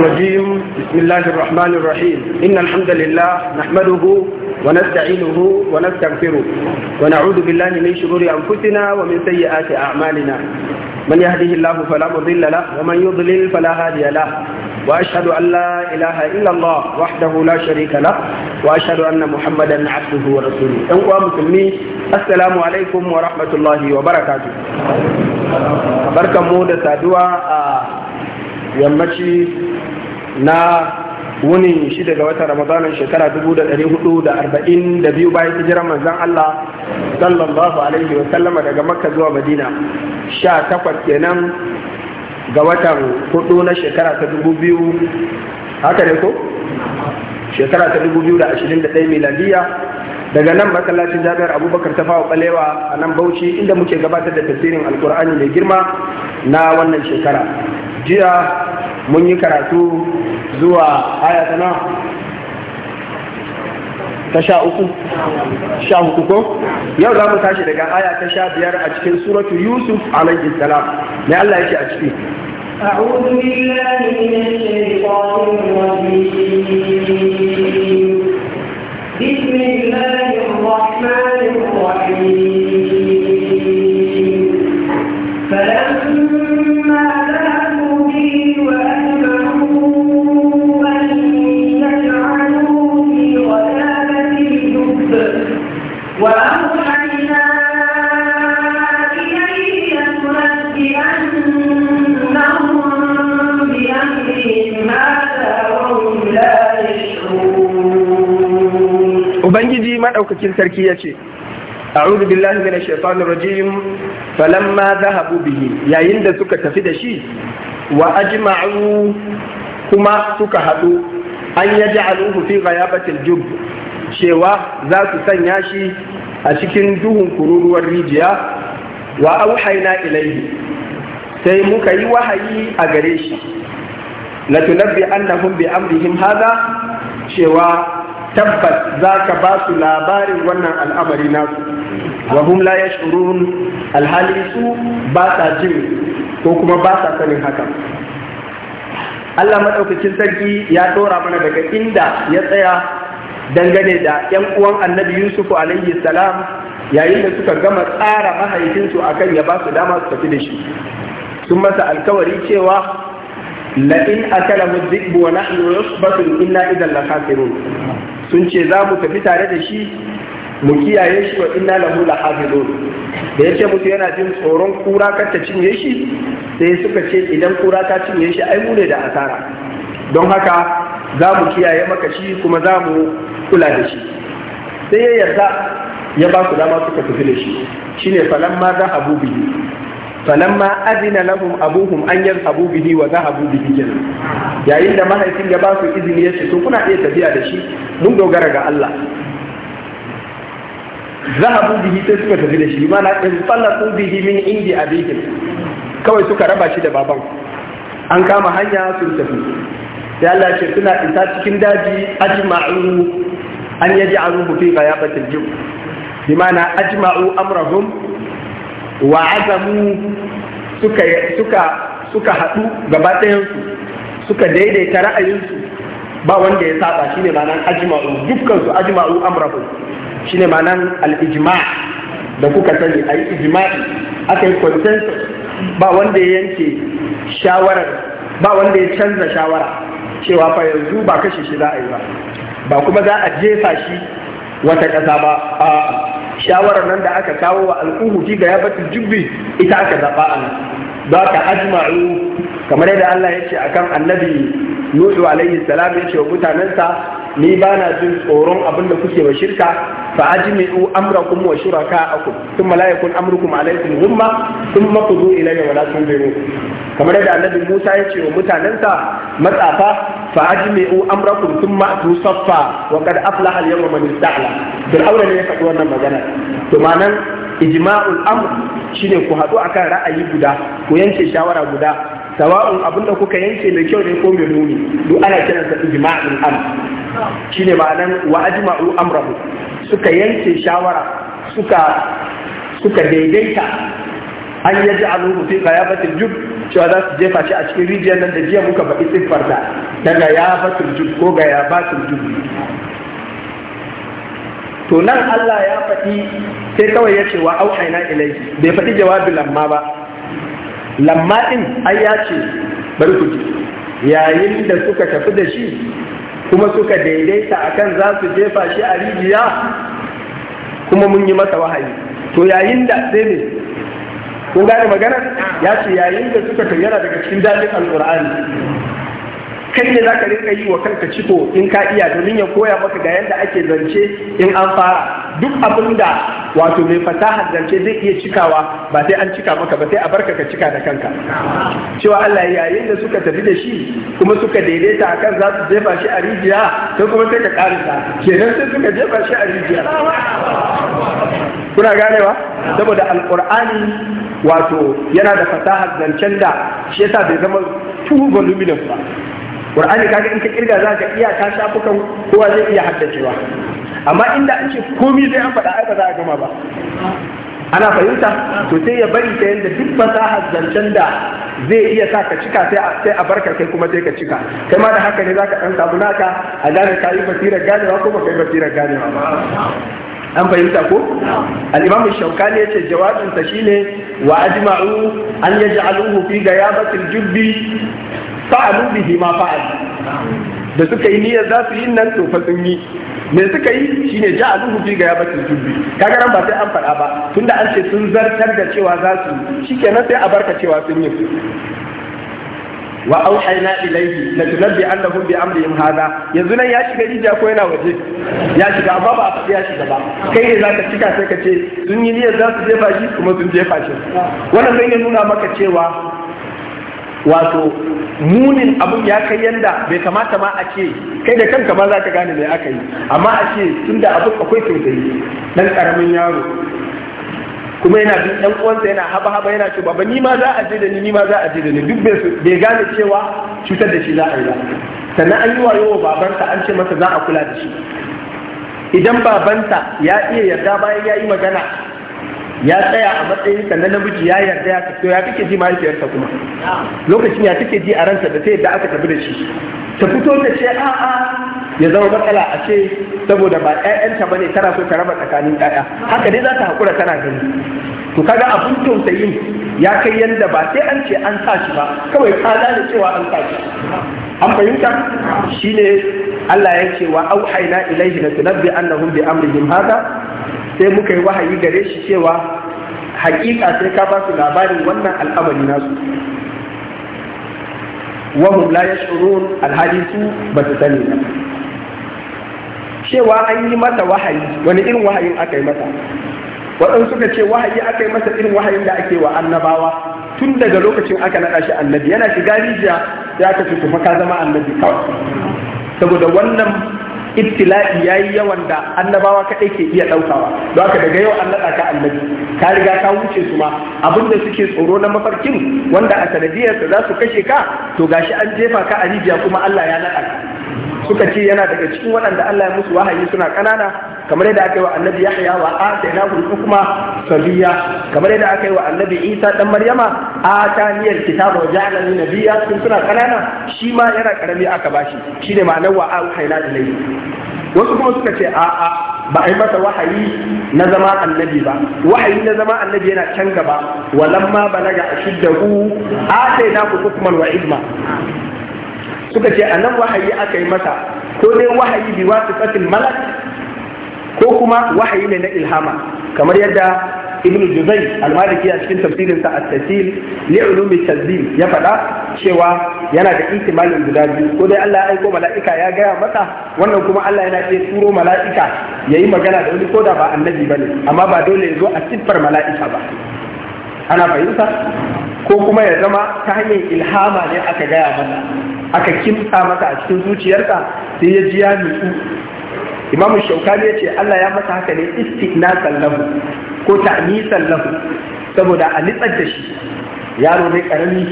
الرجيم بسم الله الرحمن الرحيم إن الحمد لله نحمده ونستعينه ونستغفره ونعوذ بالله من شرور أنفسنا ومن سيئات أعمالنا من يهده الله فلا مضل له ومن يضلل فلا هادي له وأشهد أن لا إله إلا الله وحده لا شريك له وأشهد أن محمدا عبده ورسوله أنقوى مسلمين السلام عليكم ورحمة الله وبركاته بركة مودة سادوة يمشي na wuni shi daga watan ramadanin shekara 442 bayan hijirar manzon Allah sallallahu alaihi wa sallama daga makka zuwa madina 18 kenan ga watan hudu na shekara ta 2000 haka ne ko shekara ta 2021 miladiya daga nan masallacin jami'ar abubakar ta fawa balewa a nan bauchi inda muke gabatar da tasirin alkur'ani mai girma na wannan shekara jiya mun yi karatu zuwa ayatana ta sha uku sha hudu ko yau za mu tashi daga aya ta sha biyar a cikin suratu yusuf alaihi salam mai allah yake a ciki أعوذ بالله من الشيطان الرجيم ubangiji madaukakin sarki yace a'udhu billahi minash shaitanir rajim falamma dhahabu bihi yayin da suka tafi da shi wa ajma'u kuma suka haɗu? an yaj'aluhu fi ghayabatil jub cewa za su sanya shi a cikin duhun kururuwar rijiya wa auhaina ilaihi sai muka yi wahayi a gare shi latunabbi annahum bi amrihim hadha cewa tabbas za ka ba su labarin wannan al'amari nasu wa hum la yash'urun alhali su ba sa jin ko kuma ba sa sanin haka Allah Maɗaukacin sarki ya ɗora mana daga inda ya tsaya dangane da ‘yan uwan annabi Yusufu alaihi salam yayin da suka gama tsara mahaifinsu akan ya ba su dama su tafi da shi sun masa alkawari cewa la'in akala mudhibbu wa nahnu usbatun inna idan la khasirun sun ce za mu tafi tare da shi mu kiyaye shi wa inna lahu la hafizun da yace musu yana jin tsoron kura kar ta cinye shi sai suka ce idan kura ta cinye shi ai mu ne da asara don haka za mu kiyaye maka shi kuma za mu kula da shi sai ya yarda ya ba ku dama suka tafi da shi shine falan ma za falamma azina lahum abuhum an yadhabu bihi wa dhahabu bihi kenan yayin da mahaifin ya ba su izini ya ce to kuna iya tafiya da shi mun dogara ga Allah zahabu bihi sai suka tafi da shi mana in fallatu bihi min indi abihim kawai suka raba shi da baban an kama hanya sun tafi sai Allah ce suna isa cikin daji ajma'u an yaji aruhu fi ghayabatil jub bimana ajma'u amrahum wa azamu suka suka suka haɗu gaba ɗayansu suka daidaita ra'ayinsu ba wanda ya saba shine ma'anan ajma'u dukkansu ajma'u amrahu shine ma'anan al-ijma' da kuka sani ayi ijma'i aka yi consensus ba wanda ya yanke shawarar ba wanda ya canza shawara cewa fa yanzu ba kashe shi za a yi ba ba kuma za a jefa shi wata ƙasa ba a shawarar nan da aka kawo wa al'uhu fi ga yabatul jubbi ita aka zaba an ba ka ajma'u kamar yadda Allah ya ce akan annabi Nuhu alaihi salam ya ce wa mutanensa ni ba na jin tsoron abin da kuke wa shirka fa ajmi'u amrakum wa shuraka'akum thumma la yakun amrukum alaykum ghumma thumma qudu ilayya wa la tunziru kamar yadda annabi Musa ya ce wa mutanensa matsafa fa ajmi'u amrakum thumma tu saffa wa qad aflaha al-yawma man ista'la fir'auna ne ya faɗi wannan magana to ma'anan ijma'ul amr shine ku haɗu akan ra'ayi guda ku yanke shawara guda sawa'un abin da kuka yanke mai kyau ne ko mai muni duk ana sa ijma'in am shine ma'anan wa ajma'u amrahu suka yanke shawara suka suka daidaita an yaji fi ghayabatil jub cewa za su jefa shi a cikin rijiyar nan da jiya muka faɗi siffar da daga ya batul jub ko ga ya batul jub to nan Allah ya faɗi sai kawai ya ce wa auhayna ilayhi bai faɗi jawabin lamma ba lamma din ai ya ce bari ku ji yayin da suka tafi da shi kuma suka daidaita akan za su jefa shi a rijiya kuma mun yi masa wahayi to yayin da sai ne kun gane magana ya ce yayin da suka tafi yana daga cikin dalilin alqur'ani kai ne za ka rinka yi wa kanka ciko in ka iya domin ya koya maka ga yadda ake zance in an fara duk abin da wato mai fasahar zance zai iya cikawa ba sai an cika maka ba sai a barka ka cika da kanka cewa Allah yayin da suka tafi da shi kuma suka daidaita akan za su jefa shi a rijiya sai kuma sai ka karanta kenan sai suka jefa shi a rijiya kuna ganewa saboda alqur'ani wato yana da fasahar zancen da shi yasa bai zama tu voluminous ba qur'ani kaga in ka kirga za ka iya ka shafukan kowa zai iya haddacewa amma inda an ce komai zai an faɗa ai ba za a gama ba ana fahimta to sai ya bari ta yadda duk fasahar zancen da zai iya sa ka cika sai a barka kai kuma sai ka cika kai ma da haka ne zaka dan samu naka a gane ka yi basirar ganewa ko ba kai basirar ganewa ba an fahimta ko al-imam shaukani ce jawabin sa shine wa ajma'u an yaj'aluhu fi ghayabatil jubbi fa'alu bihi ma fa'al da suka yi niyyar za su yi nan to fa sun yi me suka yi shine ja'aluhu fi ghayabatil jubbi kaga ran ba sai an faɗa ba tunda an ce sun zartar da cewa za su shikenan sai a barka cewa sun yi wa auhayna ilayhi la tunabbi annahum bi amrihim hadha yanzu nan ya shiga rija ko yana waje ya shiga amma ba a faɗi ya shiga ba kai ne zaka cika sai ka ce sun yi niyyar za su jefa shi kuma sun jefa shi wannan zai nuna maka cewa wato munin abin ya kai yanda bai kamata ma a ce kai da kanka ma za ka gane mai aka yi amma a ce tun da abin akwai tausayi dan karamin yaro kuma yana bin ɗan uwansa yana haba haba yana ce baba ni ma za a je da ni ni ma za a je da ni duk bai gane cewa cutar da shi za a yi ba sannan an yi wayo wa babansa an ce masa za a kula da shi idan babanta ya iya yarda bayan ya yi magana ya tsaya a matsayin sa na namiji ya yarda ya tafi ya kake ji mahaifiyarsa kuma lokacin ya take ji a ransa da ta yadda aka tafi da shi ta fito ta ce a a ya zama matsala a ce saboda ba ƴaƴanta bane tana so ta raba tsakanin ƴaƴa haka dai za ta hakura tana gani to kaga abun tausayin ya kai yanda ba sai an ce an sa shi ba kawai ka da cewa an sa shi an fahimta shine Allah ya ce wa auhayna ilaihi la tunabbi annahum bi amrihim haka? sai muka yi wahayi gare shi cewa hakika sai ka ba su labarin wannan al'amari nasu hum la yashurun alhali ba su sani ba cewa an yi mata wahayi wani irin wahayin aka yi mata waɗansu suka ce wahayi aka yi masa irin wahayin da ake wa annabawa tun daga lokacin aka naɗa shi annabi yana shiga rijiya ya ka ce ka zama annabi kawai saboda wannan ittila'i yayi yawan da annabawa kaɗai ke iya ɗaukawa don haka daga yau an naɗa ka annabi ka riga ka wuce su ma abin da suke tsoro na mafarkin wanda a sanadiyarsa za su kashe ka to gashi an jefa ka a rijiya kuma Allah ya naɗa ka suka ce yana daga cikin waɗanda Allah ya musu wahayi suna ƙanana kamar yadda aka yi wa annabi yahya wa atainahu al-hukma sabiya kamar yadda aka yi wa annabi isa dan maryama ataniyal kitaba wa ja'alani nabiyya sun suna kanana shi ma yana karami aka bashi shine ma'anar wa auhayna ilayhi wasu kuma suka ce a'a ba a yi masa wahayi na zama annabi ba wahayi na zama annabi yana can gaba walamma balaga ashiddahu ataina ku hukman wa ilma suka ce nan wahayi aka yi masa ko dai wahayi bi wasifatil malak ko kuma wahayi ne na ilhama kamar yadda ibnu juzai al-maliki a cikin tafsirin sa at-tasil li ulumi ya faɗa cewa yana da ihtimalin guda biyu ko dai Allah ya aiko mala'ika ya gaya masa wannan kuma Allah yana iya turo mala'ika yayi magana da wani ko da ba annabi bane amma ba dole ya zo a siffar mala'ika ba ana fahimta ko kuma ya zama ta hanyar ilhama ne aka gaya masa aka kimsa masa a cikin zuciyarsa sai ya ji ya nutsu imamu shaukani ya ce Allah ya masa haka ne istiqnasan lahu ko ta'nisan lahu saboda a nitsar da shi yaro ne karami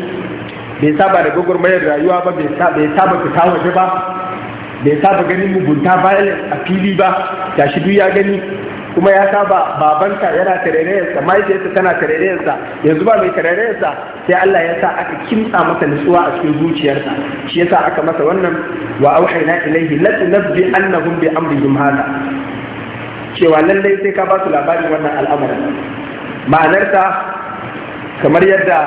bai saba da gwagwarmayar rayuwa ba bai saba fita waje ba bai saba ganin mugunta bayan a fili ba Tashi duk ya gani kuma ya saba babanta yana tarairayarsa mahaifiyarsa tana tarairayarsa yanzu ba mai tarairayarsa sai Allah ya sa aka kimsa masa nutsuwa a cikin zuciyarsa shi yasa aka masa wannan wa auhaina ilaihi latunabbi annahum bi amrihim hada cewa lallai sai ka ba su labarin wannan al'amarin ma'anarsa kamar yadda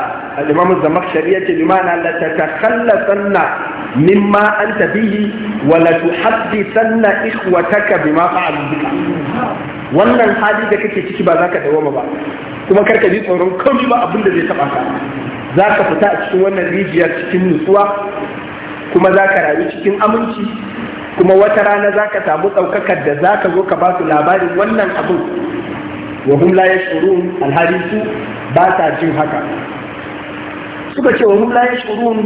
al-imamu zamakhshari yace bi ma'ana la tatakhallasanna mimma anta bihi wa la tuhaddithanna ikhwataka bima fa'alu wannan hali da kake ciki ba zaka dawoma ba kuma karka ji tsoron komai ba abin da zai taba ka zaka fita a cikin wannan rijiyar cikin nutsuwa kuma zaka rayu cikin aminci kuma wata rana zaka samu daukakar da zaka zo ka ba su labarin wannan abin wa hum la yashurun alhali su ba ta jin haka suka ce wa hum la yashurun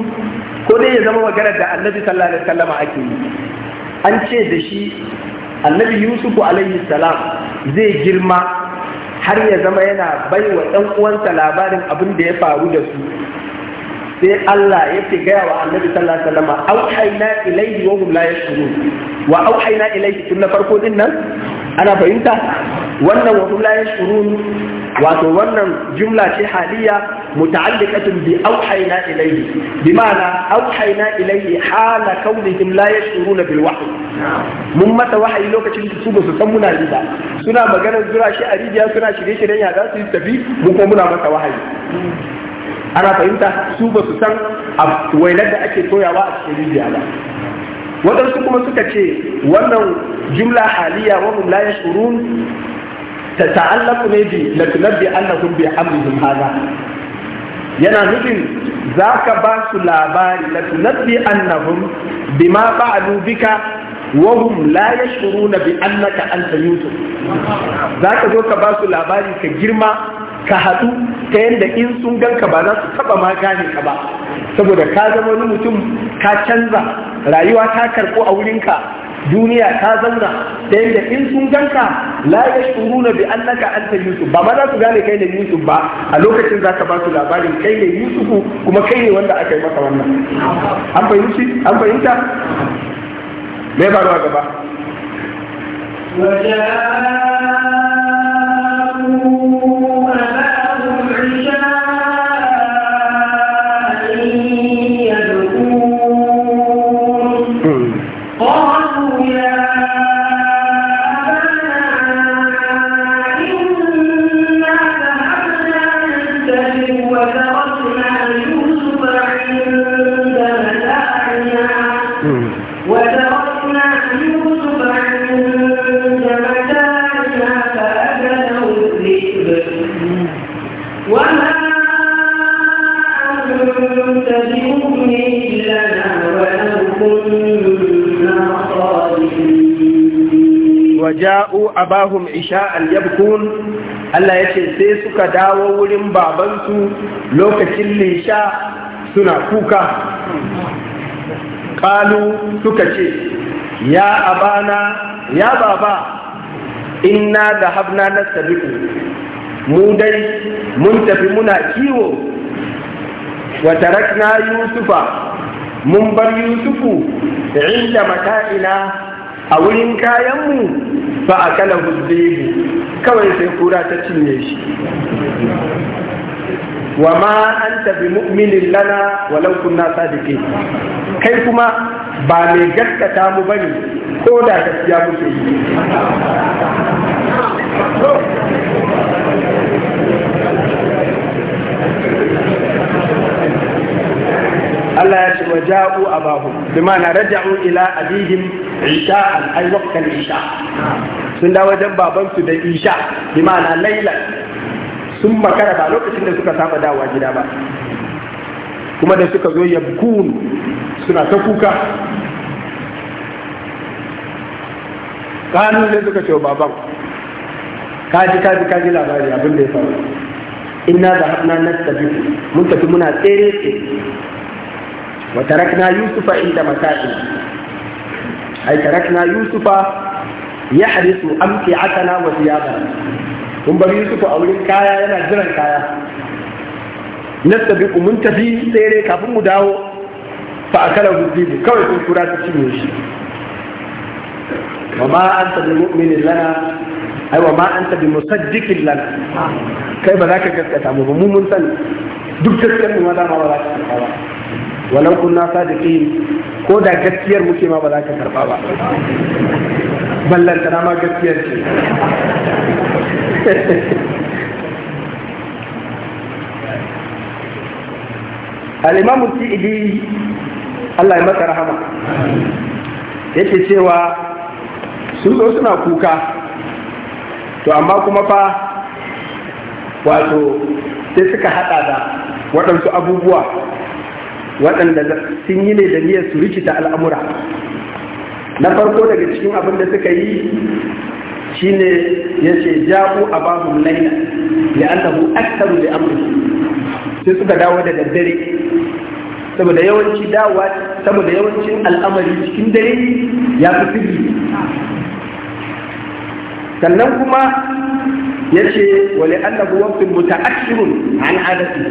ko dai ya zama magana da annabi sallallahu alaihi wasallam ake yi an ce da shi annabi yusufu alaihi salam zai girma har ya zama yana bai wa ɗan uwansa labarin abin da ya faru da su sai Allah ya ce gaya wa annabi sallallahu alaihi wasallam auhayna ilayhi wa hum la yashurun wa auhayna ilayhi tun na farko din nan ana fahimta wannan wa hum la yashurun wato wannan jumla ce haliya muta'alliqatun bi auhayna ilayhi bima'ana auhayna ilayhi hala kaunihim la yashuruna bil wahyi mun mata wahayi lokacin da su ba san muna yi ba suna magana zura shi a rijiya suna shirye-shiryen ya za su yi tafi mu ko muna mata wahayi ana fahimta su ba su san wailar da ake toyawa a cikin rijiya waɗansu kuma suka ce wannan jumla haliya wa hum la ne bi yana nufin za ka ba su labari na tunabbi annahum bima fa'alu bika wa hum la yashuruna bi annaka anta yusuf za ka zo ka ba su labari ka girma ka haɗu ta yadda in sun ganka ba za su taɓa ma gane ka ba saboda ka zama wani mutum ka canza rayuwa ta karɓo a wurinka duniya ta zauna da yadda in sun ganka la na bi annaka anta yusuf ba ma za su gane kai ne yusuf ba a lokacin za ka ba su labarin kai ne yusuf kuma kai ne wanda aka yi masa wannan an fahimci an fahimta me ba ruwa gaba abahum isha'an yabkun Allah yace sai suka dawo wurin babansu lokacin lisha suna kuka kalu suka ce ya abana ya baba inna da habna na mu dai mun tafi muna kiwo wa tarakna yusufa mun bar yusufu inda mata'ina a wurin kayanmu fa akala hudhibu kawai sai kura ta cinye shi wa ma an bi mu'minin lana walau kunna sadiqin kai kuma ba mai gaskata mu bane ko da gaskiya muke yi Allah ya ce wa ja'u abahu bi ma'ana raja'u ila abihim isha'an ay waqtan isha' sun dawo wajen babansu da isha bi ma'ana laila sun makara ba lokacin da suka saba dawa gida ba kuma da suka zo yabkun suna ta kuka kanu ne suka ce baban kaji kaji kaji labari abin da ya faru inna da hafna na tabi mun tafi muna tsere tsere wa tarakna yusufa inda mata'in ai tarakna yusufa ya harisu amfi atana wa ziyada Kun bari su a wurin kaya yana jiran kaya nastabiqu mun tafi tsere kafin mu dawo fa akala hudibu kawai sun kura ta cinye shi wa ma anta bi mu'minin lana ai wa ma anta bi musaddiqin lana kai ba za ka gaskata mu ba mu mun sani duk gaskiyar mu ma za ma ba za ka karba ba walau kunna sadiqin ko da gaskiyar muke ma ba za ka karba ba ballantana ma gaskiyar ce al'imamu ti'idi Allah ya masa rahama yake cewa sun zo suna kuka to amma kuma fa wato sai suka hada da waɗansu abubuwa waɗanda sun yi ne da niyyar su rikita al'amura na farko daga cikin abin da suka yi shine yace ja'u da an tafi aktharu da amri sai suka dawo da dare saboda yawanci dawowa saboda yawancin al'amari cikin dare ya fi fili sannan kuma Ya yace wali annahu waqtun muta'akhirun an adati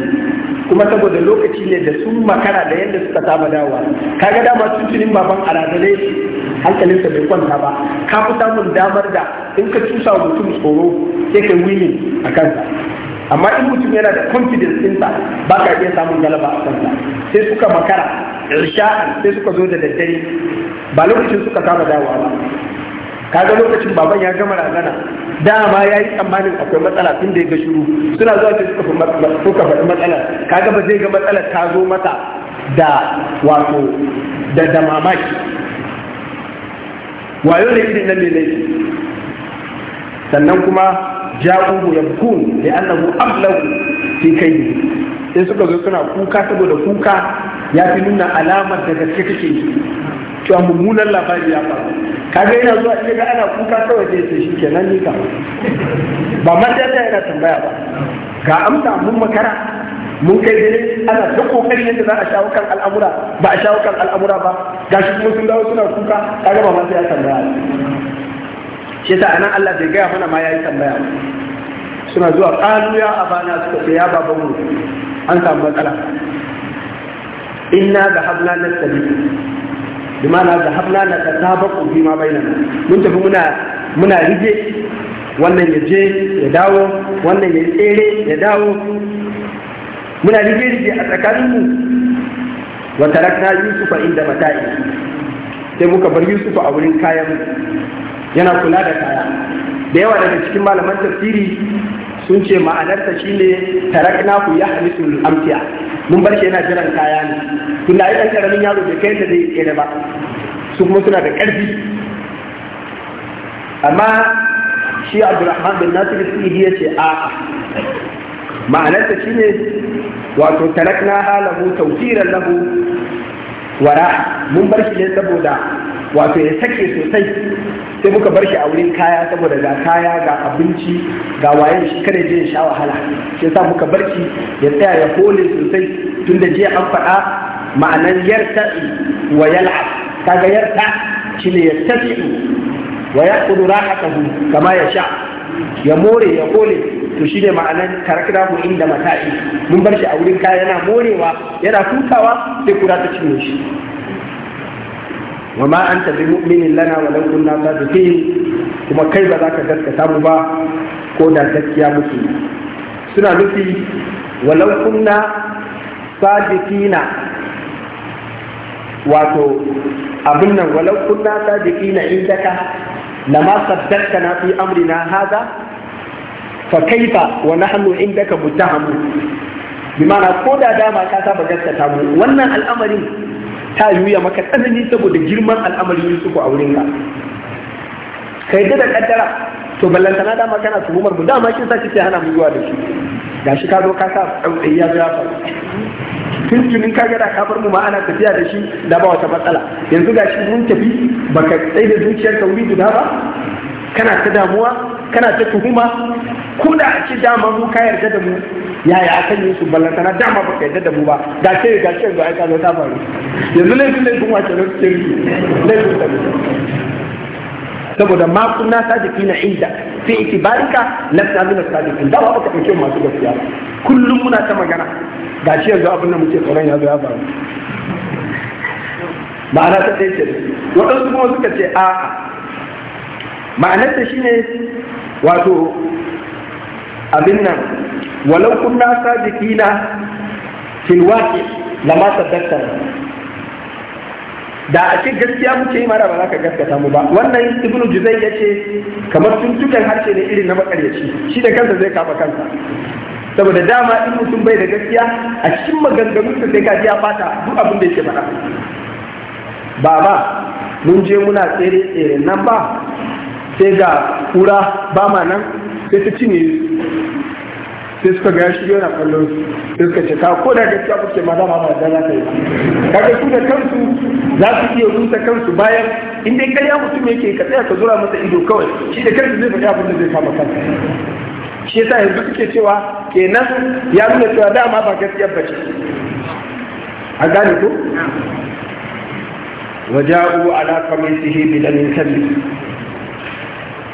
kuma saboda lokaci ne da sun makara da yadda suka saba dawa kaga dama tuntunin baban aradale hankalinsa bai kwanta ba ka fi samun damar da in ka tusa mutum tsoro sai ka winin a kansa amma in mutum yana da confidence ɗinsa ba ka iya samun galaba a kansa sai suka makara irsha'an sai suka zo da daddare ba lokacin suka saba dawa ba kaga lokacin baban ya gama razana dama ya yi tsammanin akwai matsala tun da ya ga shiru suna zuwa sai suka faɗi matsalar kaga ba zai ga matsalar ta zo mata da wato da da mamaki wayo ne irin nan ne laifi sannan kuma ja'uhu yabkun li annahu ablagu fi kayyi in suka zo suna kuka saboda kuka ya fi nuna alamar da gaske kake yi cewa mummunan labari ya faru kaga yana zuwa in ga ana kuka kawai zai ce shi kenan ni kam ba ma yana tambaya ba ga amsa mun makara mun kai dai ana duk kokarin yadda za a shawo kan al'amura ba a shawo kan al'amura ba gashi kuma sun dawo suna kuka kaga ba ma ya tambaya shi ta anan Allah bai gaya mana ma yayi tambaya suna zuwa qalu ya abana suka ce ya baban mu an samu matsala inna dhahabna nastabi bimana da hafna na tasabaku fi ma bainana mun tafi muna muna rige wannan ya je ya dawo wannan ya tsere ya dawo muna rige rige a tsakanin mu wa tarakna yusufa inda mata'i sai muka bar yusufa a wurin kayan yana kula da kaya da yawa daga cikin malaman tafsiri sun ce ma'anarsa shine tarakna ku ya hadisul amtiya mun bar shi yana jiran kaya ne tun da ɗan karamin yaro bai kai da zai tsere ba su kuma suna da ƙarfi amma shi abdurrahman bin nasir sidi ya ce a'a ma'anarsa ne wato tarakna halahu tawfiran lahu wara mun bar shi ne saboda wato ya sake sosai sai muka bar shi a wurin kaya saboda ga kaya ga abinci ga wayan shi kada je sha wahala sai sa muka bar shi ya tsaya ya kone sosai tun da jiya an faɗa ma'anan yarta wa yal'ab kaga yarta shi ne ya tafi wa yaqulu rahatahu kama ya sha ya more ya kone to shi ne ma'anan tarakna mu inda mata'i mun bar shi a wurin kaya yana morewa yana tutawa, sai kura ta cinye shi wa ma anta bi mu'minin lana wa law kunna sadiqin kuma kai ba za ka gaskata mu ba ko da gaskiya muke suna nufi walau kunna sadiqina wato abin nan walau kunna sadiqina indaka lama na fi amrina hadha fa kaifa wa nahnu indaka muttahamun bi ma'ana ko da dama ka saba gaskata mu wannan al'amarin ta yuya maka tsanani saboda girman al'amari yusufu a wurin ka kai da kaddara to ballantana dama kana tuhumar mu dama kin sa kike hana mu zuwa da shi gashi ka zo ka sa tsautsayi ya zo ya faru tun ka ga da ka mu ma ana tafiya da shi da ba wata matsala yanzu gashi mun tafi baka tsaye da zuciyar ka wuri ba kana ta damuwa kana ta tuhuma ko da a ce dama mu ka yarda da mu yaya akan yi su ballan na dama ba ka yarda da mu ba ga ce ga ce ga aika zo ta faru yanzu laifin laifin wace lokacin laifin ta saboda ma kunna na inda fi itibarika na ta'minu sadiqin da ba ka dauke masu gaskiya kullum muna ta magana ga shi yanzu abin da muke tsoron ya zo ya faru ma'ana ta ɗaya ce waɗansu kuma suka ce a'a ma'anarta shi ne wato abin nan walau kunna sajikina fil waqi lama saddaqtana da a ce gaskiya muke yi mara ba za ka gaskata mu ba wannan ibn juzai ya ce kamar tuntukan harshe ne irin na makaryaci shi da kansa zai kafa kansa saboda dama in mutum bai da gaskiya a cikin maganganunsa sai ka ji ya fata duk abin da yake faɗa ba ba mun je muna tsere tsere nan ba sai ga kura ba ma nan sai ta cinye sai suka ga shi yana kallon sai suka ce ka ko da gaskiya kuke ma dama ba da za ka yi kaga su da kansu za su iya rusa kansu bayan inda ya karya mutum yake ka tsaya ka zura masa ido kawai shi da kansu zai faɗi abin da zai kama kansa shi yasa yanzu suke cewa kenan ya nuna cewa dama ba gaskiyar ba ce a gane ko وجاءوا على قميصه bidanin sabbi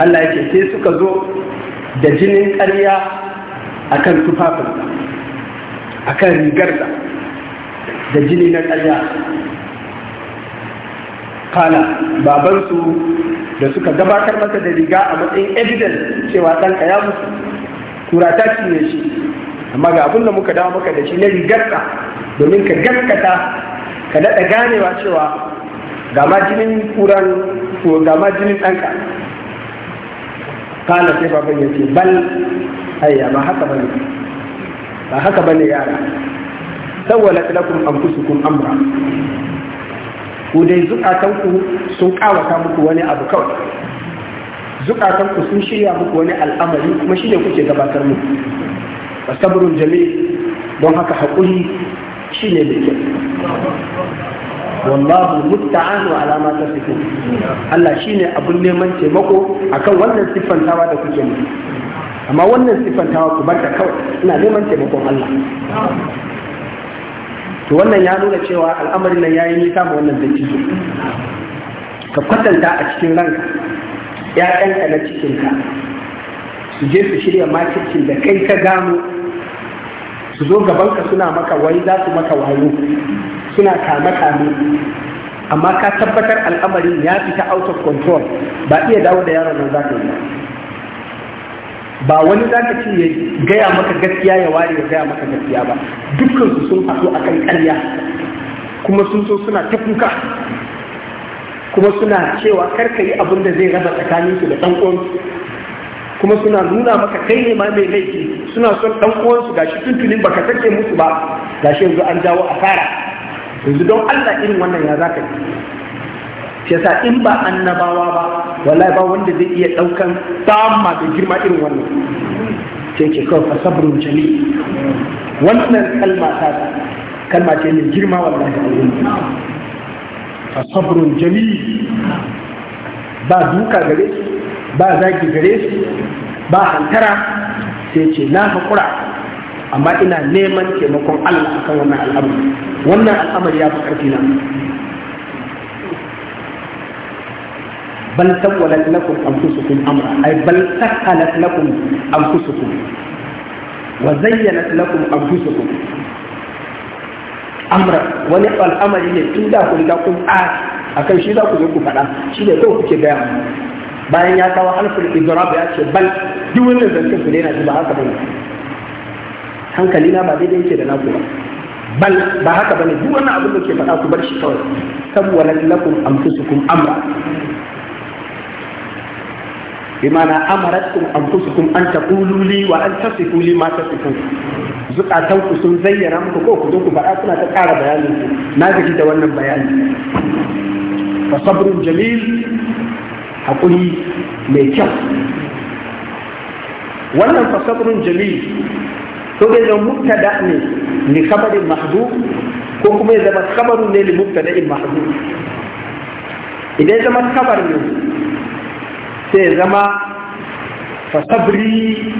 Allah yake sai suka zo da jinin ƙarya akan tufafin akan rigar da da jini na ƙarya kana babansu da suka gabatar masa da riga a matsayin evidence cewa ɗanka ya mutu turata cinye shi amma ga abin da muka dawo maka da shi na rigarka domin ka gaskata ka daɗa ganewa cewa ga jinin kuran ga ma jinin ɗanka kala sai baban ya ce bal ayya ba haka bane ba haka bane yara sawwalat lakum anfusukum amra ku dai zukatanku sun kawata muku wani abu kawai zukatanku sun shirya muku wani al'amari kuma shine kuke gabatar muku sabrun jami'i don haka hakuri shine mai kyau wallahu mutta'anu ala ma tasifu Allah shine abun neman taimako akan wannan siffantawa da kuke mu amma wannan siffantawa ku barka kawai ina neman taimakon Allah to wannan ya nuna cewa al'amarin nan yayi nisa ma wannan dattijo ka kwatanta a cikin ranka kanka na cikinka su je su shirya makircin da kai ka gano su zo gabanka suna maka wai za su maka wayo suna kame kame amma ka tabbatar al'amarin ya fita out of control ba iya dawo da yaron nan za ka yi ba wani za ka ce gaya maka gaskiya ya ware ya gaya maka gaskiya ba dukkansu sun haɗu kan ƙarya kuma sun so suna ta kuka kuma suna cewa karka yi abin da zai raba tsakaninsu da ɗan kuma suna nuna maka kai ne ma mai laifi suna son dan uwansu gashi tuntunin baka take musu ba gashi yanzu an jawo asara yanzu don Allah irin wannan ya zaka yi shi yasa in ba annabawa ba wallahi ba wanda zai iya daukan tamma da girma irin wannan sai ke kawai fa sabrun jami wannan kalma ta kalma ce mai girma wallahi fa sabrun jami ba duka gare shi ba zaki gare su ba hantara sai ce na haƙura amma ina neman taimakon Allah akan wannan al'amari wannan al'amari ya fi ƙarfi na bal sawwalat lakum anfusukum amra ay bal sakhalat lakum anfusukum wa zayyanat lakum anfusukum amra wani al'amari ne tun da kun ga kun a akan shi za ku je ku faɗa shi ne kawai kuke gaya bayan ya kawo alful idrab ya ce bal duk wannan zancen ku daina shi ba haka bane hankali na ba daidai yake da naku ba bal ba haka bane duk wannan abin da ke faɗa ku bar shi kawai sawwalat lakum anfusukum amra bimana amaratkum anfusukum an taqulu li wa an tasifu li ma tasifun ku sun zayyana muku ko ku zo ku faɗa kuna ta ƙara bayanin ku na gaji da wannan bayani fa sabrun jamil haƙuri mai kyau wannan fasabrun jami'i to da zama mubtada ne ni khabarin mahdud ko kuma ya zama khabaru ne li mubtada'in mahdud idan ya zama khabar ne sai ya zama fasabri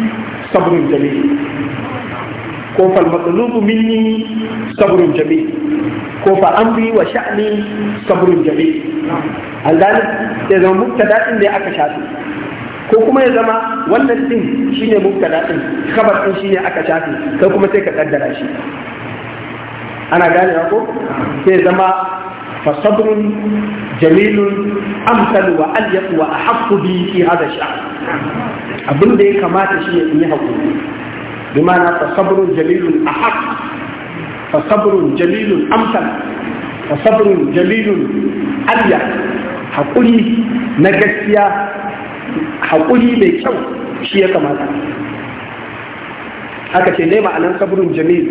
sabrun jami'i ko fal matsalubu minni sabrun jami ko fa amri wa sha'ni sabrun jami aldanin ya zama mubtada din da aka shafi ko kuma ya zama wannan din shine mubtada din khabar din shine aka shafi kai kuma sai ka kaddara shi ana gane ko sai zama fa فصبر جميل أمثل wa وأحق بي في هذا الشعر abin da ya kamata shi in yi haƙuri بمعنى فصبر جليل أحق فصبر جليل أمثل فصبر جليل أبيع حقولي نجسيا حقولي بيكو شيء كما haka ce nema anan sabrun jamil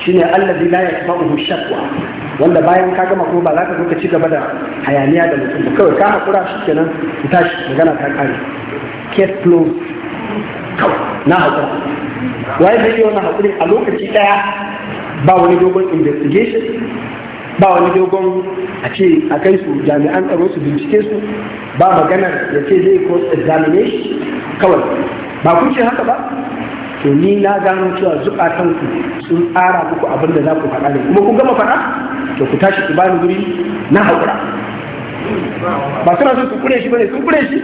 shine allazi la yasma'uhu shakwa wanda bayan ka gama kuma ba za ka zo ka ci gaba da hayaniya da mutum ba kawai ka hakura shi kenan ku tashi magana ta kare case close kawai na hakura waye zai yi wani haƙurin a lokaci ɗaya ba wani dogon investigation ba wani dogon a ce a kai su jami'an tsaro su bincike su ba maganar ya ce zai ko examination kawai ba kun ce haka ba to ni na gano cewa zukatan ku sun tsara muku abin da za ku faɗa ne kuma kun gama faɗa to ku tashi ku bani guri na haƙura ba suna son su kure shi ba ne sun kure shi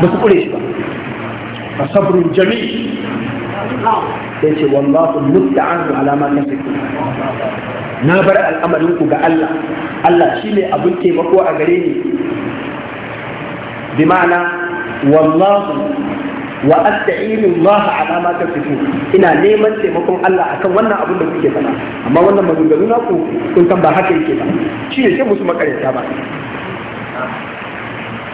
ba su kure shi ba a sabrin jami'i sai ce wallahu musta'anu ala ma tasifu na bar al'amarin ku ga Allah Allah shi ne abin taimako a gare ni bi ma'ana wallahu wa asta'inu Allah ala ma tasifu ina neman taimakon Allah akan wannan abin da kuke faɗa amma wannan maganganu na ku kun san ba haka yake ba shi ne sai musu makaranta ba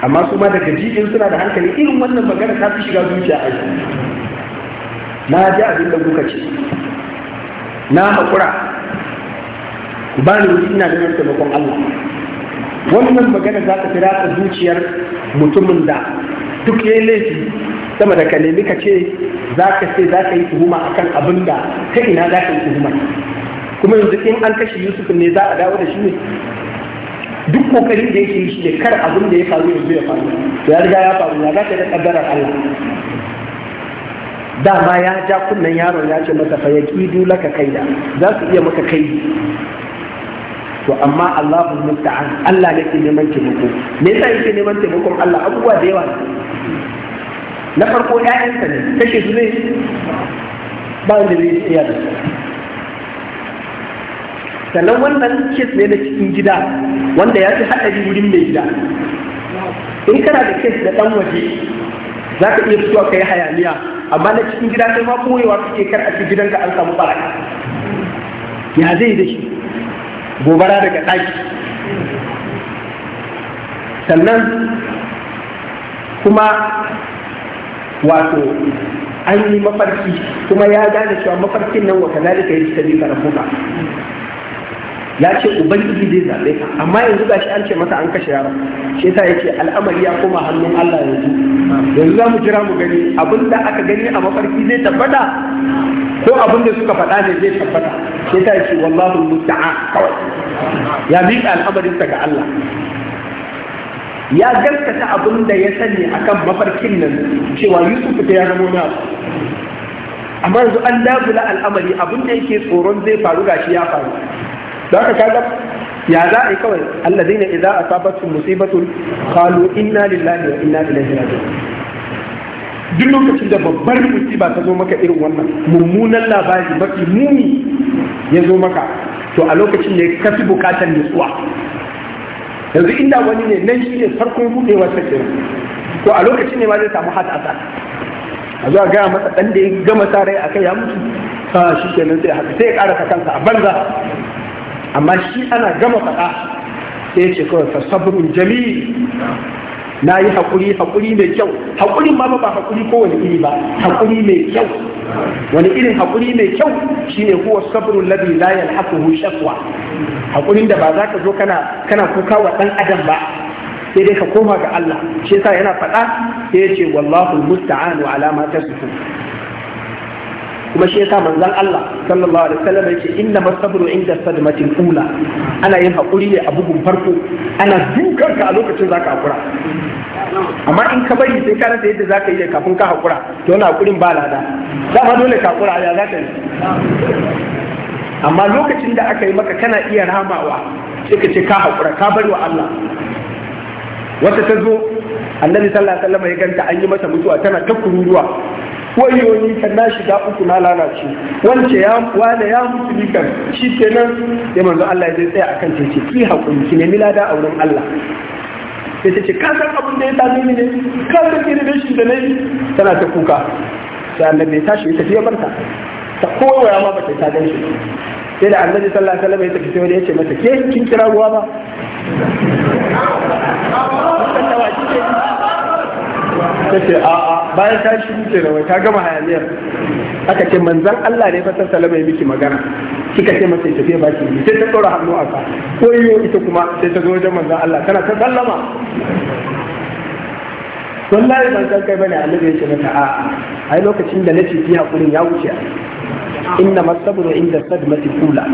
amma su ma daga jijin suna da hankali irin wannan magana ta fi shiga zuciya a na ji abin da kuka ce na makura ku bani wuce ina neman taimakon Allah wannan magana za ta fi ratsa zuciyar mutumin da duk yayi laifi sama da ka nemi ka ce za ka ce za ka yi tuhuma akan abin da ta ina za ka yi tuhuma kuma yanzu in an kashe Yusuf ne za a dawo da shi ne duk kokarin da yake yi shi ne, kar abin da ya faru yanzu ya faru to ya riga ya faru ya za ka da kaddarar Allah dama ya ja kunnen yaron ya ce masa fayaqidu laka kaida za su iya maka kai. to amma Allahu musta'an Allah ne ke neman taimako me yasa yake neman taimakon Allah abubuwa da yawa na farko ƴaƴansa ne kashe su ne, ba wanda zai iya da sannan wannan kes ne na cikin gida wanda ya fi haɗari wurin mai gida in kana da kes da ɗan waje za ka iya fitowa ka yi hayaniya amma na cikin gida sai ma kake kar a cikin gidanka an samu baraka ya zai da shi gobara daga ɗaki sannan kuma wato an yi mafarki kuma ya gane cewa mafarkin nan wa kazalika yajtabi rabbuka ya ce ubangiji zai zaɓe ka amma yanzu gashi an ce masa an kashe yaron shi yasa yace al'amari ya koma hannun Allah yanzu yanzu za mu jira mu gani abin da aka gani a mafarki zai tabbata ko abin da suka faɗa ne zai tabbata shi yasa yace wallahu musta'a kawai ya miƙa al'amarin ta ga Allah ya gaskata abin da ya sani akan mafarkin nan cewa Yusuf ta ya zama na amma yanzu an dagula al'amari abin da yake tsoron zai faru gashi ya faru da ka kaga ya za a yi kawai alladina a asabatuhum musibatun kalu inna lillahi wa inna ilaihi raji'un duk lokacin da babbar musiba ta zo maka irin wannan mummunan labari mafi muni ya zo maka to a lokacin ne ka fi bukatar nutsuwa yanzu inda wani ne nan shi ne farkon buɗewa ta to a lokacin ne ma zai samu hata a a zuwa gaya masa ɗan da ya gama sa rai a kai ya mutu ta shi kenan sai haka sai ya ƙarasa kansa a banza amma shi ana gama faɗa sai ce kawai fa jamil na yi haƙuri haƙuri mai kyau haƙurin ma ba haƙuri ko wani iri ba haƙuri mai kyau wani irin haƙuri mai kyau shine huwa sabrun ladhi la yalhaquhu shaqwa haƙurin da ba za ka zo kana kana kuka wa ɗan adam ba sai dai ka koma ga Allah shi yasa yana faɗa sai ya ce wallahu musta'anu ala ma tasifun kuma shi yasa manzon Allah sallallahu alaihi wasallam yake inna masabru inda sadmatil ula ana yin hakuri ne a bugun farko ana dukar ka a lokacin zaka hakura amma in ka bari sai ka rasa yadda zaka yi kafin ka hakura to wannan hakurin ba lada dama dole ka hakura ya zaka yi amma lokacin da aka yi maka kana iya ramawa sai ka ce ka hakura ka bari wa Allah wata ta zo annabi sallallahu alaihi wasallam ya ganta an yi mata mutuwa tana ta kururuwa wayoyi kan na shiga uku na lalace wance ya wane ya mutu ni kan shi kenan ya manzo Allah ya tsaya akan ce ce ki hakuri ki nemi lada a wurin Allah sai ta ce ka san abin da ya same ni ne ka san irin shi da nayi tana ta kuka sai annabi ya tashi ya tafi ya barka ta kowa ma bata ta gan shi sai da annabi sallallahu alaihi wasallam ya tafi sai wani ya ce mata ke kin kira ruwa ba ta ce a'a bayan ta shi ke da ta gama hayaniyar aka ce manzan Allah ne fasar salama ya miki magana kika ce masa tafiya ba ki sai ta tsora hannu a ka ko yiwo ita kuma sai ta zo wajen manzan Allah tana ta sallama wallahi ban san kai bane annabi ya ce mata a ai lokacin da nace ki hakurin ya wuce inna masabru inda sadmati kula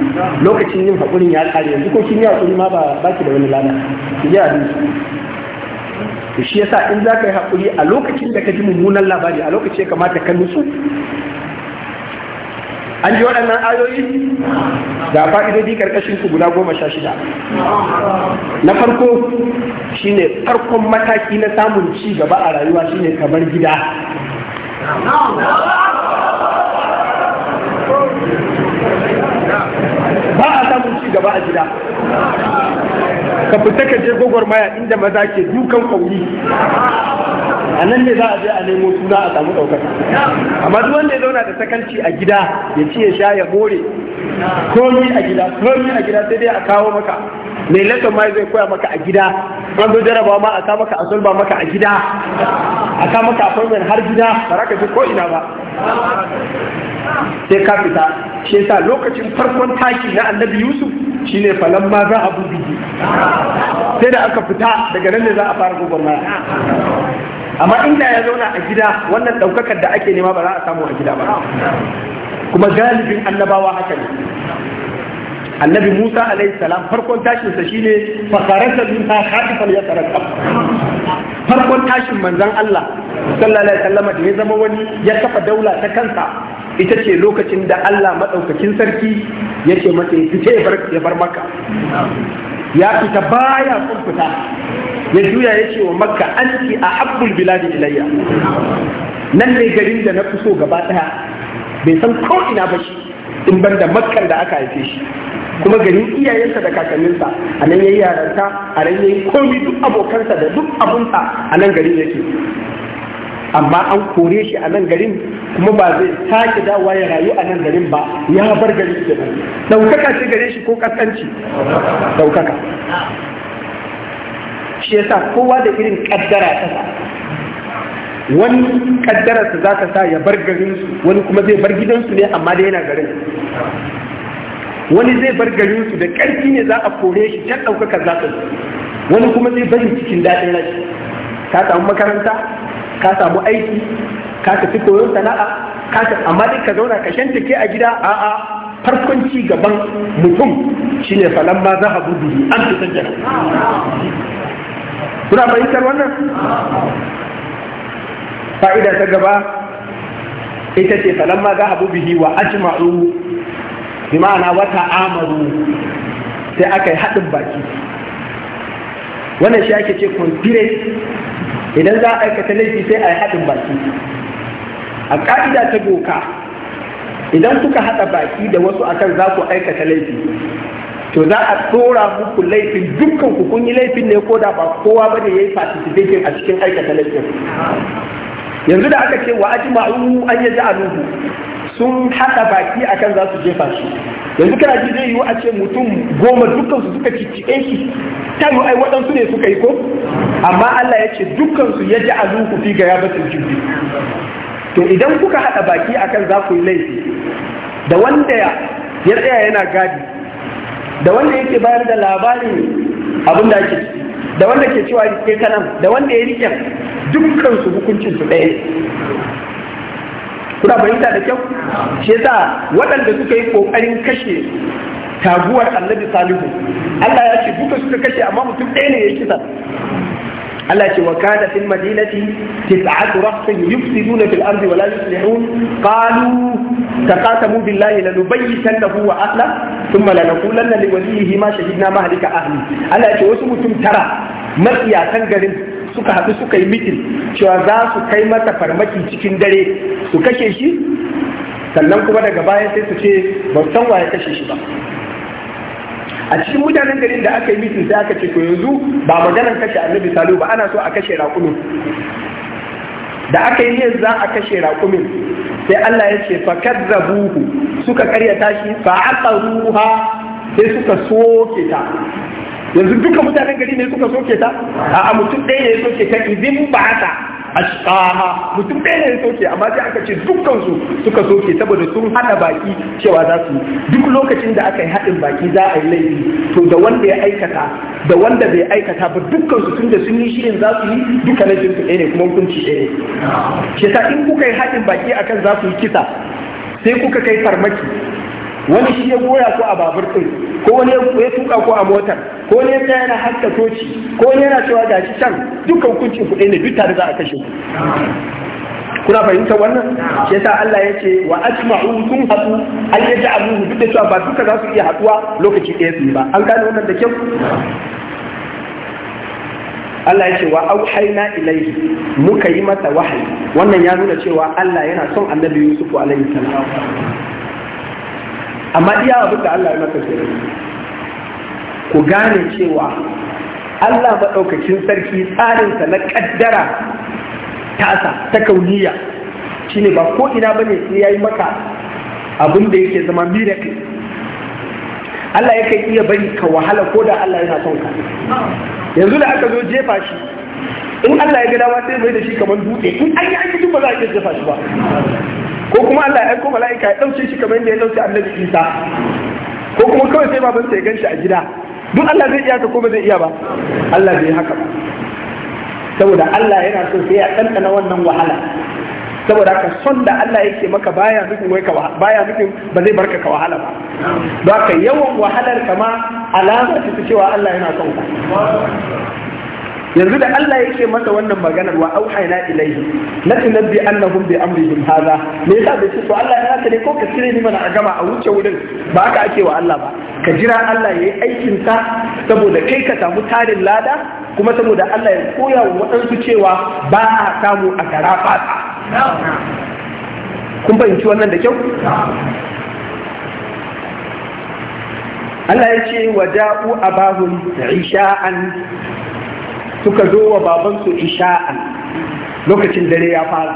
lokacin yin hakurin ya kare yanzu ko kin yi hakuri ma ba baki da wani lana ya ji to shi yasa in za ka yi haƙuri a lokacin da ka ji mummunan labari a lokacin ya kamata ka nutsu an ji waɗannan ayoyi da fa'idodi ƙarƙashin su guda goma sha shida na farko shine farkon mataki na samun ci gaba a rayuwa shine kamar gida ba a samun ci gaba a gida ka fita ka je gwagwarmaya inda maza ke dukan kauri a nan ne za a je a nemo suna a samu ɗaukar amma duk wanda ya zauna da sakanci a gida ya ci ya sha ya more komi a gida komi a gida sai dai a kawo maka mai lasan ma zai koya maka a gida an zo jaraba ma a kawo maka a sulba maka a gida a ka maka a appointment har gida ba za ka je ko ina ba sai ka fita shi yasa lokacin farkon taki na annabi yusuf shine falamma za a bugi sai da aka fita daga nan ne za a fara gwagwarmaya amma inda ya zauna a gida wannan ɗaukakar da ake nema ba za a samu a gida ba kuma galibin annabawa haka ne annabi Musa alaihi salam farkon tashin sa shine fa kharaja minha khatifan yatarqab farkon tashin manzon Allah sallallahu alaihi wasallam da ya zama wani ya kafa daula ta kansa ita ce lokacin da Allah madaukakin sarki yake mata fita ya bar maka ya fita baya kun fita ya juya ya ce wa makka anti a habbul biladi ilayya nan ne garin da na fi so gaba daya bai san ko ina ba shi in ban da makkan da aka haife shi kuma garin iyayensa da kakanninsa a nan ya yi yaranta a nan ya yi komi duk abokansa da duk abunsa a nan garin yake amma an kore shi a nan garin kuma ba zai sake dawa ya rayu a nan garin ba ya bar gari ke nan daukaka ce gare shi ko kaskanci daukaka shi ya sa kowa da irin kaddara ta sa wani kaddararsa za ka sa ya bar garinsu wani kuma zai bar gidansu ne amma da yana garin wani zai bar garin su da ƙarfi ne za a kore shi can ɗaukakar zafin wani kuma zai bari cikin daɗin rai ka samu makaranta ka samu aiki ka tafi koyon sana'a ka tafi amma dai ka zauna ka shanta ke a gida a'a farkon ci gaban mutum shine falan ma za a gudu an fi sanjana kuna fahimtar wannan fa'ida ta gaba ita ce falan ma za a bihi wa ajma'u bi ma'ana wata amaru sai aka yi haɗin baki wannan shi ake ce kwanfire idan za a aikata laifi sai a yi haɗin baki a ƙa'ida ta doka idan kuka haɗa baki da wasu akan za ku aikata laifi to za a tsora muku laifin dukkan ku kun yi laifin ne ko da ba kowa ba ne ya yi participating a cikin aikata laifin yanzu da aka ce wa ajma'u an yaji yaj'aluhu sun haɗa baki akan za su jefa shi yanzu kana ji zai yiwu a ce mutum goma dukkan su suka cicciɓe shi ta yi ai waɗansu ne suka yi ko amma Allah ya ce dukkan su ya ji a zuku fi gaya ba jirgi to idan kuka haɗa baki akan za ku yi laifi da wanda ya tsaya yana gadi da wanda yake bayar da labarin abin da ake ciki da wanda ke cewa rike ta nan da wanda ya rike dukkan su hukuncin su ɗaya kuna fahimta da kyau shi yasa waɗanda suka yi kokarin kashe taguwar annabi salihu Allah ya ce duka suka kashe amma mutum ɗaya ne ya kisa Allah ce wa kana fil madinati tis'atu rafsin yufsiduna fil ardi wa la yuslihun qalu تقاسموا بالله لنبيتنه واهله ثم لنقولن لوليه ما شهدنا مهلك اهلي Allah Ana ce wasu mutum tara kan garin suka haɗu suka yi mitin cewa za su kai masa farmaki cikin dare su kashe shi sannan kuma daga baya sai su ce ba san wa ya kashe shi ba a cikin mutanen garin da aka yi mitin sai aka ce ko yanzu ba maganar kashe annabi salu ba ana so a kashe raƙumin da aka yi niyyar za a kashe raƙumin sai Allah ya ce fa buhu suka karya tashi, fa aqaruha sai suka soke ta yanzu duka mutanen gari ne suka soke ta a mutum ɗaya ne soke ta izin ba ta asqaha mutum ɗaya ne soke amma sai aka ce dukkan su suka soke saboda sun hada baki cewa za su duk lokacin da aka yi haɗin baki za a yi laifi to da wanda ya aikata da wanda bai aikata ba dukkan su tunda sun yi shirin za su yi duka na su ɗaya ne kuma hukunci ɗaya ne shi in kuka yi haɗin baki akan za su yi kisa sai kuka kai farmaki wani shi ya goya ko a babur ɗin ko wani ya tuka ko a motar ko wani ya tsaya yana haska toci ko wani yana cewa gashi can dukkan kunci kuɗi ne duk tare za a kashe ku kuna fahimta wannan shi yasa Allah ya ce wa ajma'u kun hadu an abu duk da cewa ba duka za su iya haduwa lokaci ɗaya su ba an gane wannan da kyau Allah ya ce wa auhayna ilayhi muka yi masa wahayi wannan ya nuna cewa Allah yana son Annabi Yusuf alaihi salam amma iya abin da Allah ya maka ke ku gane cewa Allah maɗaukacin sarki tsarinsa na ƙaddara tasa ta kauniya shine ba ko ina bane sai yayi maka abin da yake zama miracle Allah ya kai iya bari ka wahala ko da Allah yana son ka yanzu da aka zo jefa shi in Allah ya ga dama sai mai da shi kamar dutse in an yi an ba za a iya jefa shi ba ko kuma Allah ya aiko mala'ika ya dauke shi kamar yadda ya dauke annabi Isa ko kuma kawai sai baban sa ya ganshi a gida duk Allah zai iya ka ko ba zai iya ba Allah bai haka ba saboda Allah yana so sai ya ɗanɗana wannan wahala saboda haka son da Allah yake maka baya nufin wai ka baya nufin ba zai barka ka wahala ba don haka yawan wahalar kama alama ce cewa Allah yana son ka yanzu da Allah yake masa wannan maganar wa auhayna ilaihi la tunabbi annahum bi amrihim hadha me yasa bai ce to Allah ya haka ne ko ka cire ni mana a gama a wuce wurin ba haka ake wa Allah ba ka jira Allah yayi aikin sa saboda kai ka samu tarin lada kuma saboda Allah ya koya wa waɗansu cewa ba a samu a garafa kun fahimci wannan da kyau Allah ya ce wa da'u abahum isha'an suka zo wa babansu isha'an lokacin dare ya fara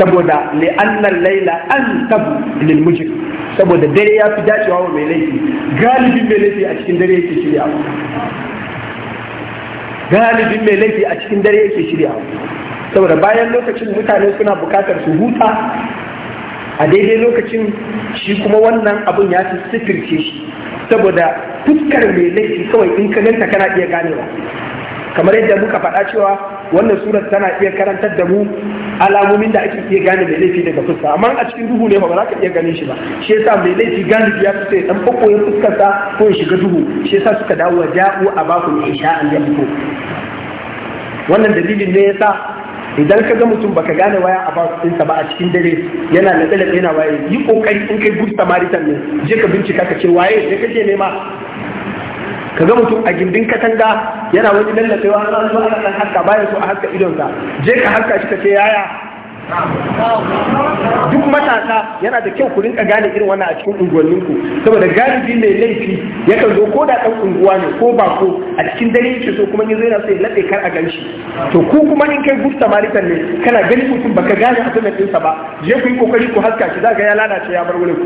saboda li'annan laila an tabu lil mujrim saboda dare ya fi dacewa wa mai laifi galibin mai laifi a cikin dare yake shirya galibin mai laifi a cikin dare yake shirya saboda bayan lokacin mutane suna bukatar su huta a daidai lokacin shi kuma wannan abun ya fi sifirce shi saboda fuskar mai laifi kawai in ka ganta kana iya ganewa kamar yadda muka faɗa cewa wannan surar tana iya karantar da mu alamomin da ake iya gane mai laifi daga fuska amma a cikin duhu ne ba za ka iya ganin shi ba shi yasa mai laifi galibi ya fito ya dan bakkoye fuskarsa ko ya shiga duhu shi yasa suka dawo da'u a bakun isha an yabko wannan dalilin ne yasa idan ka ga mutum baka gane waya a ba ɗinsa ba a cikin dare yana na tsalle yana waye yi kokari in kai good samaritan ne je ka bincika ka ce waye da kake nema ka ga mutum a gindin katanga yana wani lallacewa an zo ana dan haka bayan so a haka idonsa je ka haka shi ka ce yaya duk matasa yana da kyau ku rinka gane irin wannan a cikin unguwanninku saboda galibi mai laifi ya kan zo ko da ɗan unguwa ne ko ba ko a cikin dare yake so kuma in zai na so ya laɗe kar a gan shi to ku kuma in kai gufta malikan ne kana gani mutum baka gane abin ɗinsa ba je ku yi kokari ku haska shi za ga ya lalace ya bar wurin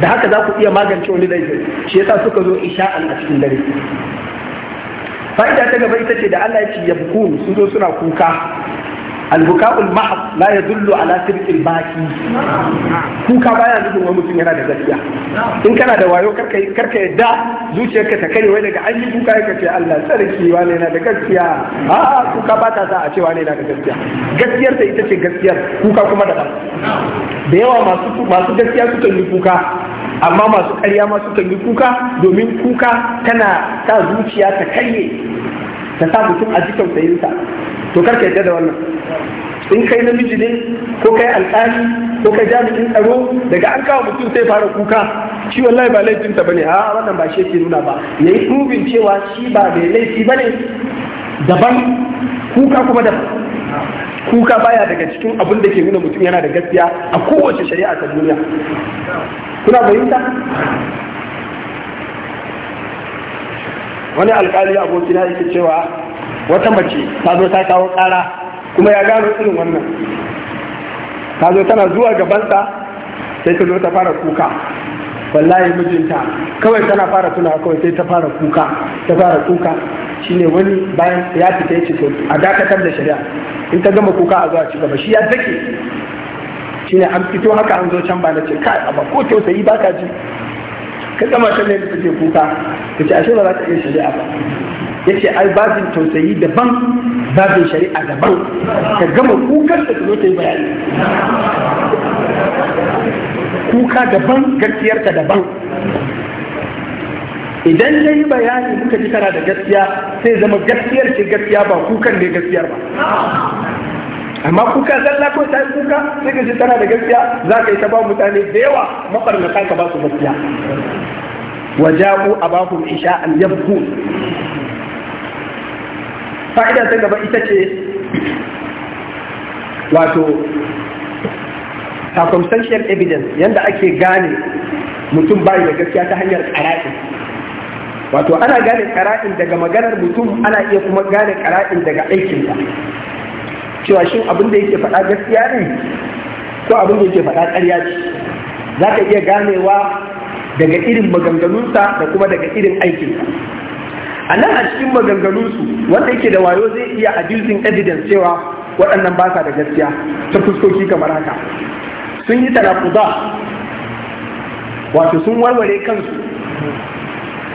da haka za ku iya magance wani laifin shi yasa suka zo isha'an a cikin dare fa'ida ta gaba ita ce da Allah ya ce buku, sun zo suna kuka albuka'ul mahab la yadullu ala sirqil baki kuka baya nufin wani mutum yana da gaskiya in kana da wayo karka karka yadda zuciyarka ta kare wai daga an yi kuka ya kace Allah sarki wani yana da gaskiya a kuka ba ta sa a ce wani yana da gaskiya gaskiyar ta ita ce gaskiyar kuka kuma da da yawa masu masu gaskiya suka yi kuka amma masu karya ma sukan yi kuka domin kuka tana sa zuciya ta karye ta sa mutum a jikin sayinsa to karka yadda da wannan in kai namiji ne ko kai alƙali ko kai jami'in tsaro daga an kawo mutum sai fara kuka shi wallahi ba laifinsa bane a wannan ba shi yake nuna ba yayi rubin cewa shi ba mai laifi bane daban kuka kuma daban kuka baya daga cikin abin da ke nuna mutum yana da gaskiya a kowace shari'a ta duniya kuna fahimta wani alkali abokina yake cewa wata mace ta zo ta kawo kara kuma ya gano irin wannan ta zo tana zuwa gabansa sai ta zo ta fara kuka wallahi mijinta kawai tana fara tuna kawai sai ta fara kuka ta fara kuka shine wani bayan ya fita ya ce to a dakatar da shari'a in ta gama kuka a zuwa ci gaba shi ya zake shine an fito haka an zo can ba na ce kai amma ko tausayi ba ka ji ka gama can ne da ce kuka ta ce ashe ba za ta iya shari'a ba ya ce ai babin tausayi daban babin shari'a daban ka gama kukar da ta zo ta yi bayani kuka daban gaskiyarka daban idan ya yi bayani muka ji kana da gaskiya sai zama gaskiyar ce gaskiya ba kukan ne gaskiyar ba amma kuka zalla ko ta kuka sai ka ji tana da gaskiya za ka yi ta ba mutane da yawa mafarnata ka ba su gaskiya ja'u abahum isha an yabku fa'ida ta gaba ita ce wato circumstantial evidence yanda ake gane mutum bai da gaskiya ta hanyar karatu wato ana gane kara'in daga maganar mutum ana iya kuma gane kara'in daga aikinsa cewa shin abin da yake faɗa gaskiya ne ko abin da yake faɗa ƙarya ce za ka iya ganewa daga irin maganganunsa da kuma daga irin aikinsa a nan a cikin maganganunsu wanda yake da wayo zai iya adducing evidence cewa waɗannan ba sa da gaskiya ta fuskoki kamar haka sun yi tanakuda wato sun warware kansu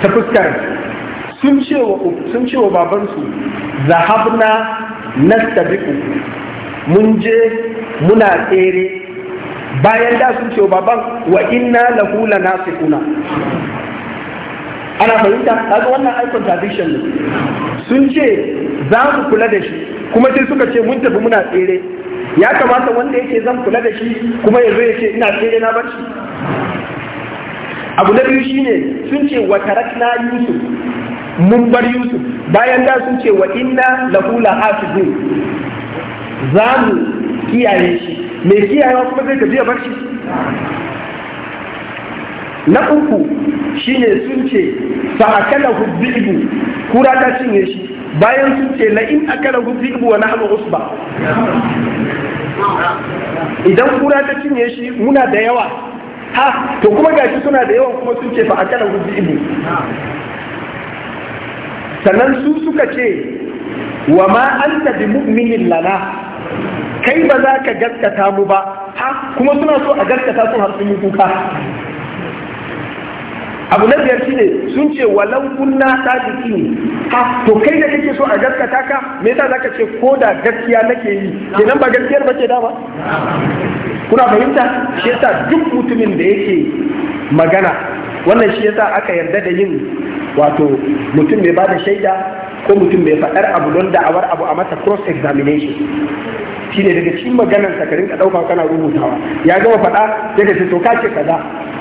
ta fuskar sun ce wa babansu zahabna nastabiqu mun je muna tsere bayan da sun ce wa baban wa inna lahu lanasikuna ana fahimta kaga wannan ai contradiction ne sun ce za mu kula da shi kuma sai suka ce mun tafi muna tsere ya kamata wanda yake zan kula da shi kuma ya ya ce ina tsere na bar shi abu na biyu shine sun ce wa tarakna yusuf mun bar yusuf bayan da sun ce wa inna lahu lahafizun za mu kiyaye shi me kiyaye kuma zai tafi ya bar shi na uku shine sun ce fa akala hubbu kura ta cinye shi bayan sun ce la in akala hubbu wa nahnu usba idan kura ta cinye shi muna da yawa ha to kuma yashi suna da yawan kuma sun ce fa akala hujji ibu sannan su suka ce wa ma an bi mu'minin lana kai ba za ka gaskata mu ba ha kuma suna so a gaskata su har sun yi kuka abu na biyar shine sun ce walau kunna jiki ne ha to kai da kake so a gaskata ka me yasa zaka ce ko da gaskiya nake yi kenan ba gaskiyar ba ce dama kuna fahimta shi yasa duk mutumin da yake magana wannan shi yasa aka yarda da yin wato mutum mai bada shaida ko mutum mai faɗar abu don da'awar abu a masa cross examination shi ne daga cikin maganar ka rinka ɗauka kana rubutawa ya gama faɗa daga ce to ka kaza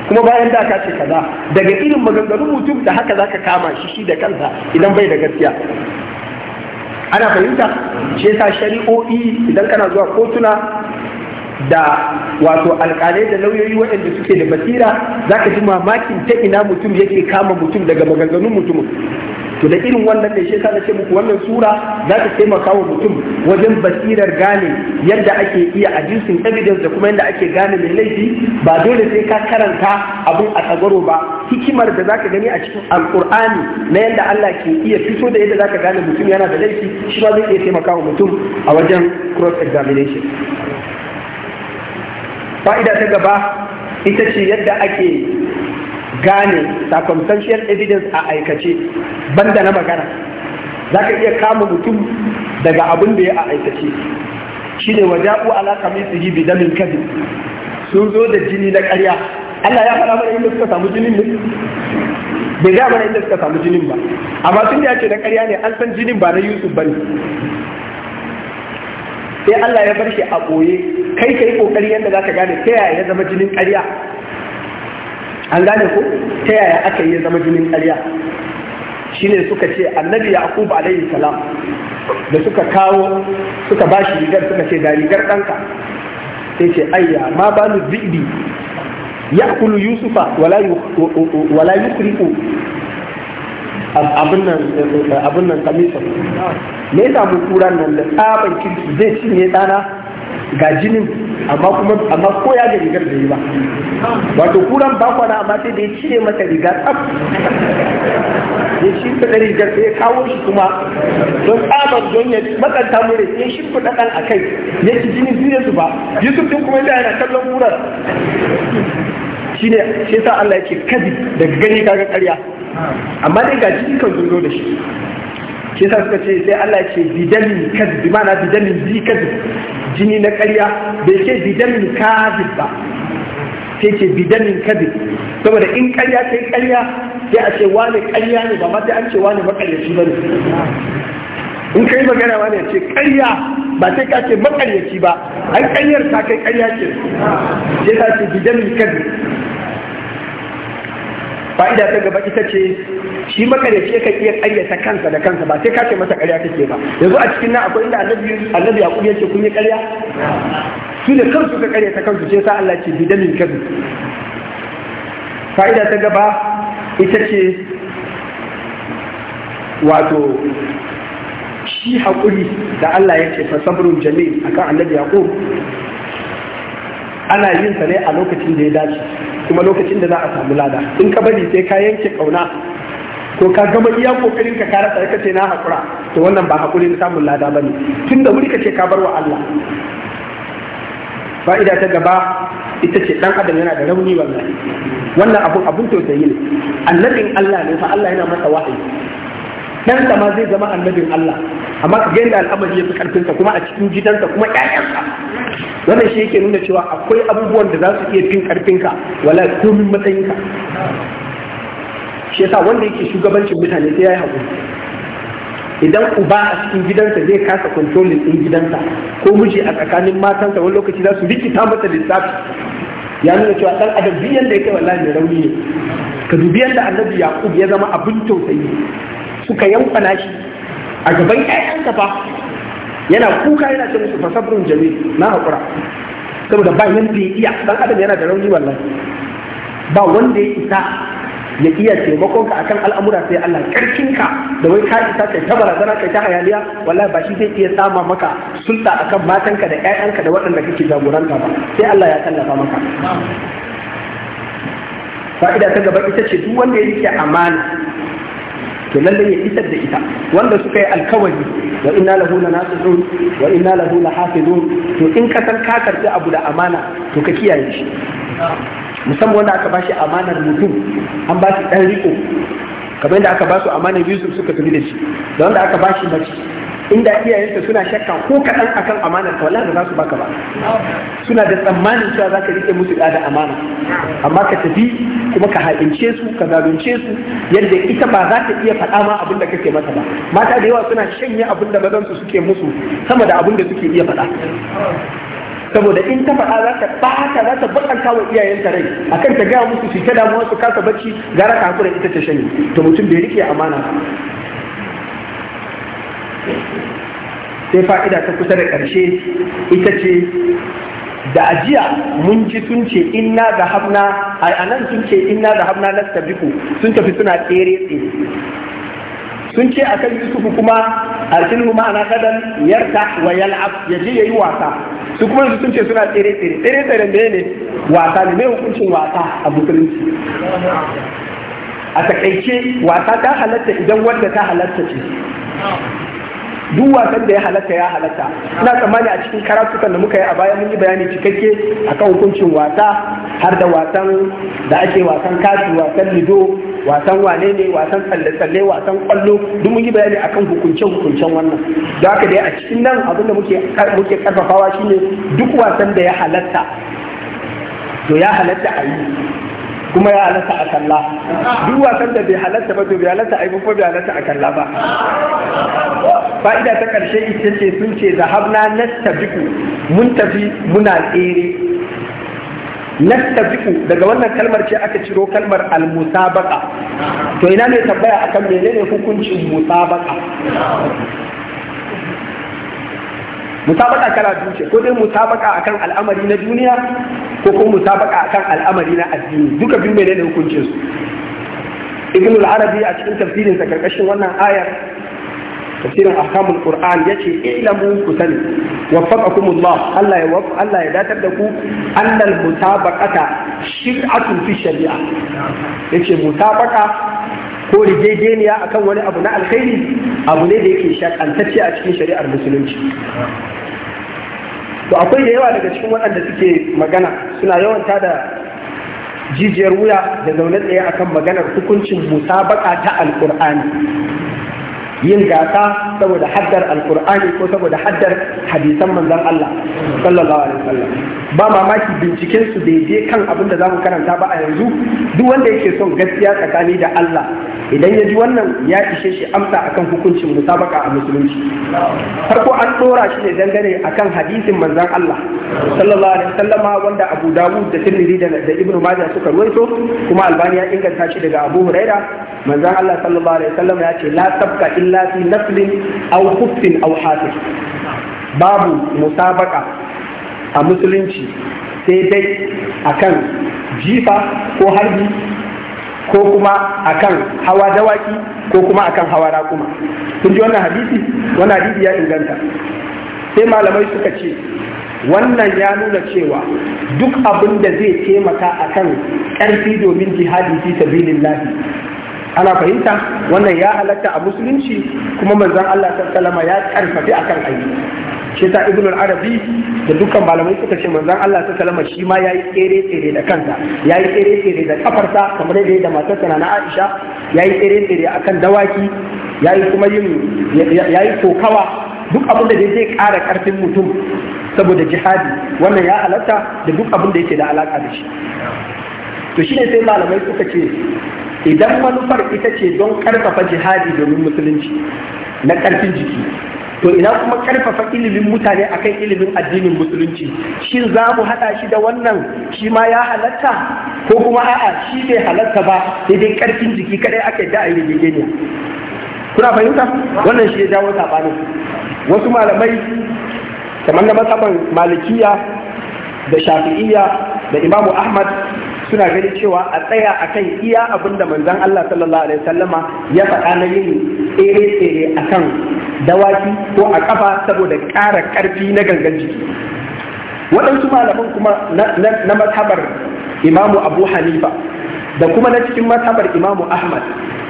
kuma bayan da ka ce kaza daga irin maganganun mutum da haka zaka kama shi shi da kansa idan bai da gaskiya ana fahimta shi yasa shari'o'i idan kana zuwa kotuna da wato alkalai da lauyoyi waɗanda suke da basira za ka ji mamakin ta ina mutum yake kama mutum daga maganganun mutumin to da irin wannan ne shi na ce muku wannan sura za ta taimaka wa mutum wajen basirar gane yadda ake iya ajisin evidence da kuma yadda ake gane mai laifi ba dole sai ka karanta abun a tsagaro ba hikimar da zaka gani a cikin alkur'ani na yadda Allah ke iya fito da yadda zaka gane mutum yana da laifi shi ba zai iya taimaka wa mutum a wajen cross examination fa'ida ta gaba ita ce yadda ake gane circumstantial evidence a aikace banda na magana za ka iya kama mutum daga abin da ya a aikace shi ne wa ja'u ala kamisihi bi damin kadi sun zo da jini na karya. Allah ya fara mana inda suka samu jinin ne bai ga mana inda suka samu jinin ba amma sun ya ce na karya ne an san jinin ba na Yusuf ba ne. sai Allah ya bar shi a ɓoye kai kai kokari yadda za ka gane ta yaya ya zama jinin ƙarya an gane ko ta yaya aka yi zama jinin ƙarya ne suka ce annabi yaqub alaihi salam da suka kawo suka ba shi rigar suka ce ga rigar ɗanka sai ce ayya ma ba ni zibi ya kulu yusufa wala yusriku abin nan kamisa me ya samu kuran nan da tsaban kirki zai cinye ɗana ga jinin amma kuma amma ko ya ga rigar da yi ba wato kuran ba kwana amma sai da ya cire masa riga tsaf ya da rigar sai ya kawo shi kuma don tsabar don ya makanta mure da ya shimfiɗa ɗan a kai ya ci jinin su ba yusuf din kuma yana kallon kuran shi ne shi sa Allah ya ce kadi daga gani kaga karya amma dai ga jini kan zo da shi shi sa suka ce sai Allah ce bidamin kadi bi ma'ana bidamin bi kadi jini na ƙarya bai ce bidamin kadi ba sai ce bidamin kadi saboda in ƙarya sai ƙarya sai a ce wani ƙarya ne ba ma sai an ce wani makaryaci ba ne in yi magana wani ce ƙarya ba sai ka ce makaryaci ba an ƙaryar ta kai ƙarya ce sai ta ce bidamin kadi fa'ida ta gaba ita ce shi makareci yakan iya karyata kansa da kansa ba sai ka ce masa karya kake ba yanzu a cikin nan akwai inda annabi annabi yaqub yace kun yi karya su da kansu ka karyata kansu sai sa Allah ce bidamin kazu fa'ida ta gaba ita ce wato shi haƙuri da Allah ya ce fa sabrun jamil akan annabi yaqub ana yin sa ne a lokacin da ya dace kuma lokacin da za a samu lada in ka bari sai ka yanke kauna ko ka gama iya kokarin ka kara ka ce na hakura to wannan ba hakuri na samun lada bane tun da wuri kace ka bar wa Allah fa'ida ta gaba ita ce dan adam yana da rauni wallahi wannan abun abun tausayi ne annabin Allah ne fa Allah yana masa wahayi dan ma zai zama annabin Allah amma ka yanda al'amari ya fi karfinsa kuma a cikin gidansa kuma ƴaƴansa wannan shi yake nuna cewa akwai abubuwan da za su iya fin karfinka wala komin matsayinka shi yasa wanda yake shugabancin mutane sai yayi haƙuri? idan uba a cikin gidansa zai kasa kontrolin ɗin gidansa ko miji a tsakanin matansa wani lokaci za su rikita masa lissafi ya nuna cewa ɗan adam biyan yanda ya kai wallahi mai rauni ne ka dubi yanda annabi yaqub ya zama abin tausayi suka yankwana shi a gaban ƴaƴansa fa yana kuka yana ce musu fasabrun jami na haƙura saboda ba yanda ya iya ɗan adam yana da rauni wallahi ba wanda ya isa ya iya taimakon ka akan al'amura sai Allah karkin ka da wai ka isa kai ta barazana kai ta hayaniya wallahi ba shi zai iya sama maka sulta akan matanka da ƴaƴanka da waɗanda kake jagoranta ba sai Allah ya tallafa maka fa'ida ta gaba ita ce duk wanda ya amana to lallai ya isar da ita wanda suka yi alkawari wa inna lahu la wa inna lahu la to in ka san ka karbi abu da amana to ka kiyaye shi musamman wanda aka bashi amanar mutum an ba shi ɗan riko kamar yadda aka ba su amanar yusuf suka tafi da shi da wanda aka bashi mace inda iyayensa suna shakka ko kaɗan akan amanar ka wallahi za su baka ba suna da tsammanin cewa za ka riƙe musu da amana amma ka tafi kuma ka haƙince su ka zalunce su yadda ita ba za ta iya faɗa ma abin da kake mata ba mata da yawa suna shanye abin da mazansu suke musu sama da abin da suke iya faɗa saboda in ta faɗa za ta ɓata za ta bakanta wa iyayenta rai a kan ta gaya musu su ta damuwa su kasa bacci gara ka hakura ita ta shani, to mutum bai rike amana sai fa'ida ta kusa da ƙarshe ita ce da ajiya mun ji sun ce inna da hamna a nan sun ce inna da na lastabiku sun tafi suna tsere tsere sun ce a akan yusufu kuma arsilhu ma'ana kadan yarta wa yal'af ya je yayi wasa su kuma sun ce suna tsere tsere tsere tsere ne ne wasa ne mai hukuncin wasa a musulunci a takaice wasa ta halatta idan wanda ta halatta ce duk wasan da ya halatta ya halatta ina tsammani a cikin karatukan da muka yi a baya mun yi bayani cikakke akan hukuncin wasa har da wasan da ake wasan kashi wasan lido wasan wane ne wasan tsalle-tsalle wasan kwallo duk mun yi bayani akan hukunce-hukuncen wannan da haka dai a cikin nan abin da muke karfafawa shine duk wasan da ya halatta to ya halatta a yi kuma ya halatta a kalla duk wasan da bai halatta ba to bai halatta a yi ba bai halatta a kalla ba fa'ida ta karshe ita ce sun ce zahabna nastabiku mun tafi muna tsere nastabiku daga wannan kalmar ce aka ciro kalmar al to ina ne tambaya akan menene hukuncin musabaqa musabaka kala biyu ko dai musabaka akan al'amari na duniya ko kuma musabaka akan al'amari na addini duka biyu menene hukuncin su ibn al-arabi a cikin tafsirin sa karkashin wannan ayar tafsirin ahkamul qur'an yace ilamu ku sani waffaqakum Allah Allah ya waf Allah ya datar da ku annal mutabaqata shir'atun fi shari'a yace mutabaka ko rigegeniya akan wani abu na alkhairi abu ne da yake shakantacce a cikin shari'ar musulunci to akwai da yawa daga cikin waɗanda suke magana suna yawan da jijiyar wuya da zaune tsaye akan maganar hukuncin musabaka ta alkur'ani yin gasa saboda haddar alkur'ani ko saboda haddar hadisan manzon Allah sallallahu alaihi wasallam ba mamaki binciken su bai je kan abin da zamu karanta ba a yanzu duk wanda yake son gaskiya tsakani da Allah idan ya ji wannan ya ishe shi amsa akan hukuncin musabaka a musulunci farko an dora shi ne dangane akan hadisin manzon Allah sallallahu alaihi wasallama wanda Abu Dawud da Tirmidhi da Ibn Majah suka ruwaito kuma Albani ya inganta shi daga Abu Huraira manzon Allah sallallahu alaihi wasallam ya ce la sabka illa fi naflin aw kuffin aw hatif babu musabaka a musulunci sai dai akan jifa ko harbi ko kuma akan hawa dawaki ko kuma akan hawa raƙuma kun ji wannan hadisi wannan hadisi ya inganta sai malamai suka ce wannan ya nuna cewa duk abin da zai taimaka akan ƙarfi domin jihadi fi sabilillahi ana fahimta wannan ya halatta a musulunci kuma manzon Allah sallama ya karfafi akan aiki shi ta ibn arabi da dukkan malamai suka ce manzon Allah sallama shi ma yayi tsere tsere da kansa yayi tsere tsere da kafarsa kamar yadda da matarsa na Aisha yayi tsere tsere akan dawaki yayi kuma yin yayi kokawa duk abin da zai ƙara ƙarfin mutum saboda jihadi wannan ya halatta da duk abin da yake da alaka da shi to shi ne sai malamai suka ce idan manufar ita ce don karfafa jihadi domin musulunci na karfin jiki to ina kuma karfafa ilimin mutane akan ilimin addinin musulunci shin za mu hada shi da wannan shi ma ya halatta ko kuma a'a shi bai halatta ba sai dai karfin jiki kadai ake da ayi ne. kuna fahimta wannan shi ya jawo sabani wasu malamai kamar na masaban malikiya da shafi'iyya da imamu ahmad suna ganin cewa a tsaya a kan iya abin da manzon Allah sallallahu alaihi wasallama ya faɗa na yin tsere-tsere a kan dawaki ko a ƙafa saboda ƙara ƙarfi na gangan jiki waɗansu malaman kuma na mazhabar imamu abu hanifa da kuma na cikin mazhabar imamu ahmad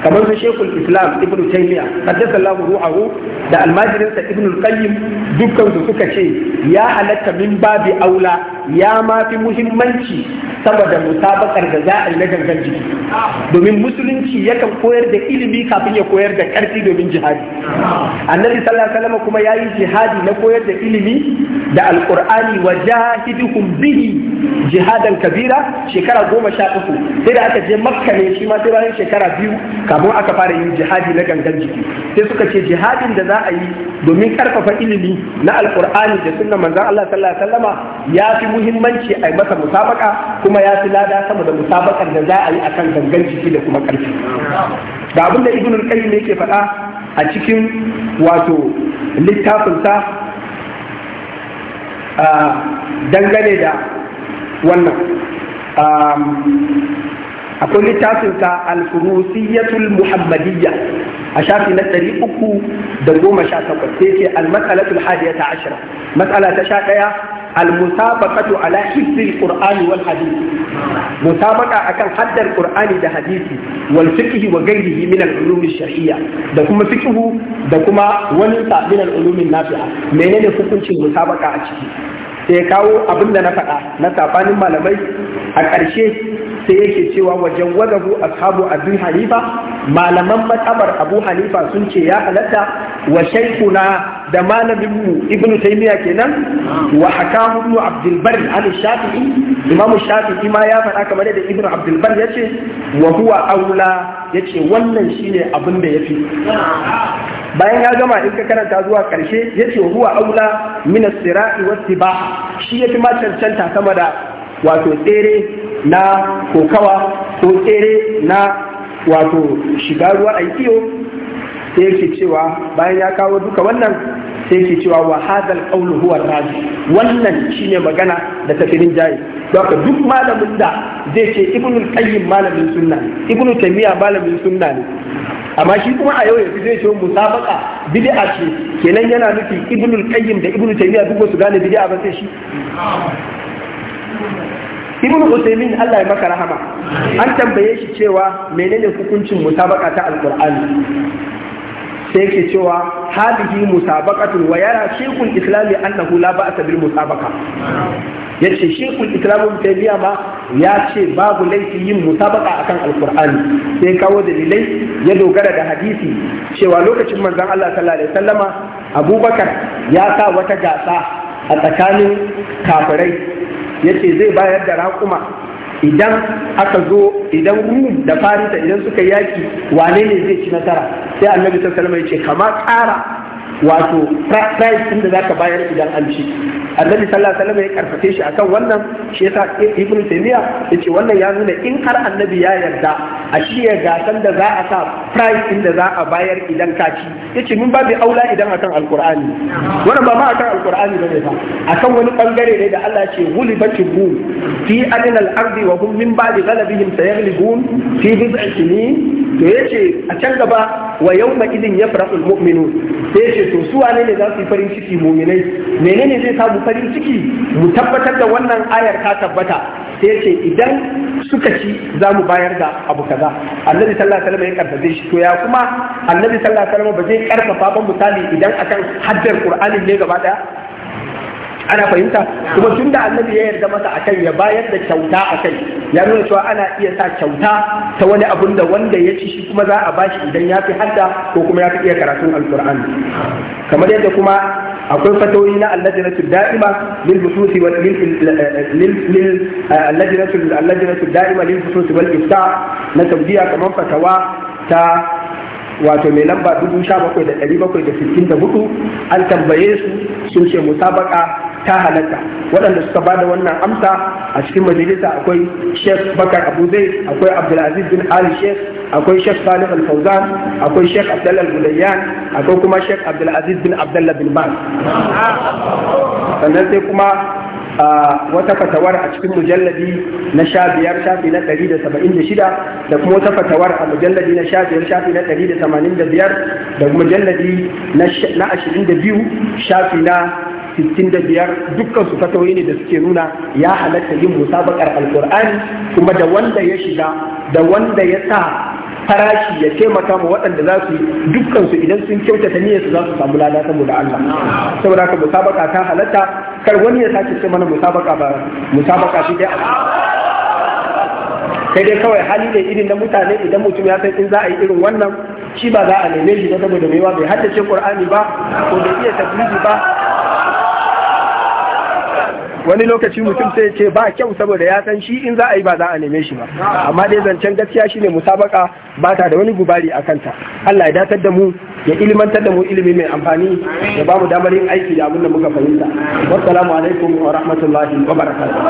kamar su shekul islam ibn taymiya haddasa Allah ruhahu da almajirinsa ibn qayyim dukkan su suka ce ya halatta min babi aula ya ma fi muhimmanci saboda musabakar da za a yi na gangan jiki domin musulunci yakan koyar da ilimi kafin ya koyar da ƙarfi domin jihadi annabi sallallahu alaihi wasallam kuma yayi jihadi na koyar da ilimi da alqur'ani wa jahidukum bihi jihadan kabira shekara goma sha uku sai da aka je makka ne shi ma sai bayan shekara biyu kafin aka fara yin jihadi na gangan jiki sai suka ce jihadin da za a yi domin karfafa ilimi na alkur'ani da sunna manzon Allah sallallahu alaihi wasallama ya fi muhimmanci a masa musabaka kuma ya fi lada sama da musabakar da za a yi akan gangan jiki da kuma karfi da abin da ibnul qayyim yake faɗa a cikin wato littafinsa ah, dangane da wannan ah, akwai littafin ka al-furusiyatul muhammadiyya a shafi na ɗari uku da goma sha takwas sai ce al-mas'alatul hadiyata ashira mas'ala ta sha ɗaya al-musabaqatu ala hifzil qur'ani wal hadith musabaqa akan haddar qur'ani da hadisi wal fiqhi wa ghayrihi min al-ulum shar'iyya da kuma fiqhu da kuma wani sa min al-ulum nafi'a menene hukuncin musabaqa a ciki sai kawo abin da na faɗa na sabanin malamai a ƙarshe sai yake cewa wajen wadahu ashabu abu hanifa malaman matsabar abu Halifa sun ce ya halatta wa shaikuna da malamin ibnu taymiya kenan wa hakamu ibnu abdul shafi'i imam shafi'i ma ya faɗa kamar da ibnu abdulbar bar yace wa huwa aula yace wannan shine abin da yafi bayan ya gama in ka karanta zuwa karshe yace wa huwa aula min as-sira'i was-sibah shi yafi ma cancanta sama da wato tsere na kokawa ko tsere na wato shiga ruwa a iyo sai yake cewa bayan ya kawo duka wannan sai yake cewa wa hadal qawlu huwa razi wannan shine magana da tafirin jayi haka duk malamin da zai ce ibnu qayyim malamin sunna ibnu ta'imiyya malamin sunna ne amma shi kuma a yau fi zai ce musabaqa bid'a ce kenan yana nufi ibnu qayyim da ibnu ta'imiyya duk su gane bid'a ba sai shi ibn usaimin Allah ya maka rahama an tambaye shi cewa menene hukuncin musabaka ta alqur'ani sai yake cewa hadihi musabaqatu wa yara shaykhul islam annahu la ba'sa bil musabaka yace shaykhul islam tabiya ma ya ce babu laifi yin musabaka akan alqur'ani sai kawo dalilai ya dogara da hadisi cewa lokacin manzon Allah sallallahu alaihi wasallama Abubakar ya sa wata gasa a tsakanin kafirai yace zai bayar da raƙuma idan aka zo idan rum da farisa idan suka yaki wane ne zai ci nasara sai annabi sallallahu alaihi wasallam ce kama ƙara wato price din da zaka bayar idan an ci annabi sallallahu alaihi wasallam ya karfafe shi akan wannan shi yasa ibnu taymiya yace wannan ya nuna in har annabi ya yarda a shirya gasan da za a sa price din da za a bayar idan ka ci yace mun babu aula idan akan alqur'ani wannan ba ma akan alqur'ani bane fa akan wani bangare ne da Allah ce ghulibatil rum fi adna al-ardi wa hum min ba'di ghalabihim sayaghlibun fi bid'i to yace a can gaba wa yawma idin yafrahul mu'minun yace to su wane ne za su yi farin ciki muminai menene zai samu farin ciki mu tabbatar da wannan ayar ta tabbata sai yace idan suka ci za mu bayar da abu kaza annabi sallallahu alaihi wasallam ya karfafe shi to ya kuma annabi sallallahu alaihi wasallam ba zai karfafa ba misali idan akan haddar qur'ani ne gaba daya ana fahimta kuma tunda annabi ya yarda masa akan ya bayar da kyauta akai ya nuna cewa ana iya sa kyauta ta wani abun da wanda ya ci shi kuma za a bashi idan ya fi hadda ko kuma ya fi iya karatun alkur'ani kamar yadda kuma akwai fatoyi na allajinatu da'ima lil bususi wal lil allajinatu allajinatu da'ima lil bususi wal ifta na saudiya kamar fatawa ta wato mai lamba hudu an tambaye su sun ce musabaka ta halatta waɗanda suka ba da wannan amsa a cikin majalisa akwai sheikh bakar abu zai akwai abdulaziz bin ali sheikh akwai sheikh salih al-fauzan akwai sheikh abdullah al-gudayyan akwai kuma sheikh abdulaziz bin abdullah bin ba sannan sai kuma a wata fatawar a cikin mujalladi na sha biyar shafi na ɗari da saba'in da shida da kuma wata fatawar a mujalladi na sha biyar shafi na ɗari da tamanin da biyar da mujalladi na ashirin da biyu shafi na sittin da biyar dukkan su fatawoyi ne da suke nuna ya halatta yin musabakar alkur'ani kuma da wanda ya shiga da wanda ya sa farashi ya taimaka ma waɗanda za su yi dukkansu idan sun kyautata niyyar su za su samu lada saboda Allah saboda ka musabaka ta halatta kar wani ya sake ce mana musabaka ba musabaka shi dai sai dai kawai hali ne irin na mutane idan mutum ya san in za a yi irin wannan shi ba za a neme shi ba saboda wa bai haddace Qur'ani ba ko bai iya tafsiri ba wani lokaci mutum sai ce ba kyau saboda ya san shi in za a yi ba za a neme shi ba amma dai zancen gaskiya shine musabaka ba ta da wani gubari a kanta Allah ya datar da mu ya ilmantar da mu ilimi mai amfani ya ba mu damar yin aiki da abin da muka fahimta wassalamu alaikum wa rahmatullahi wa barakatuh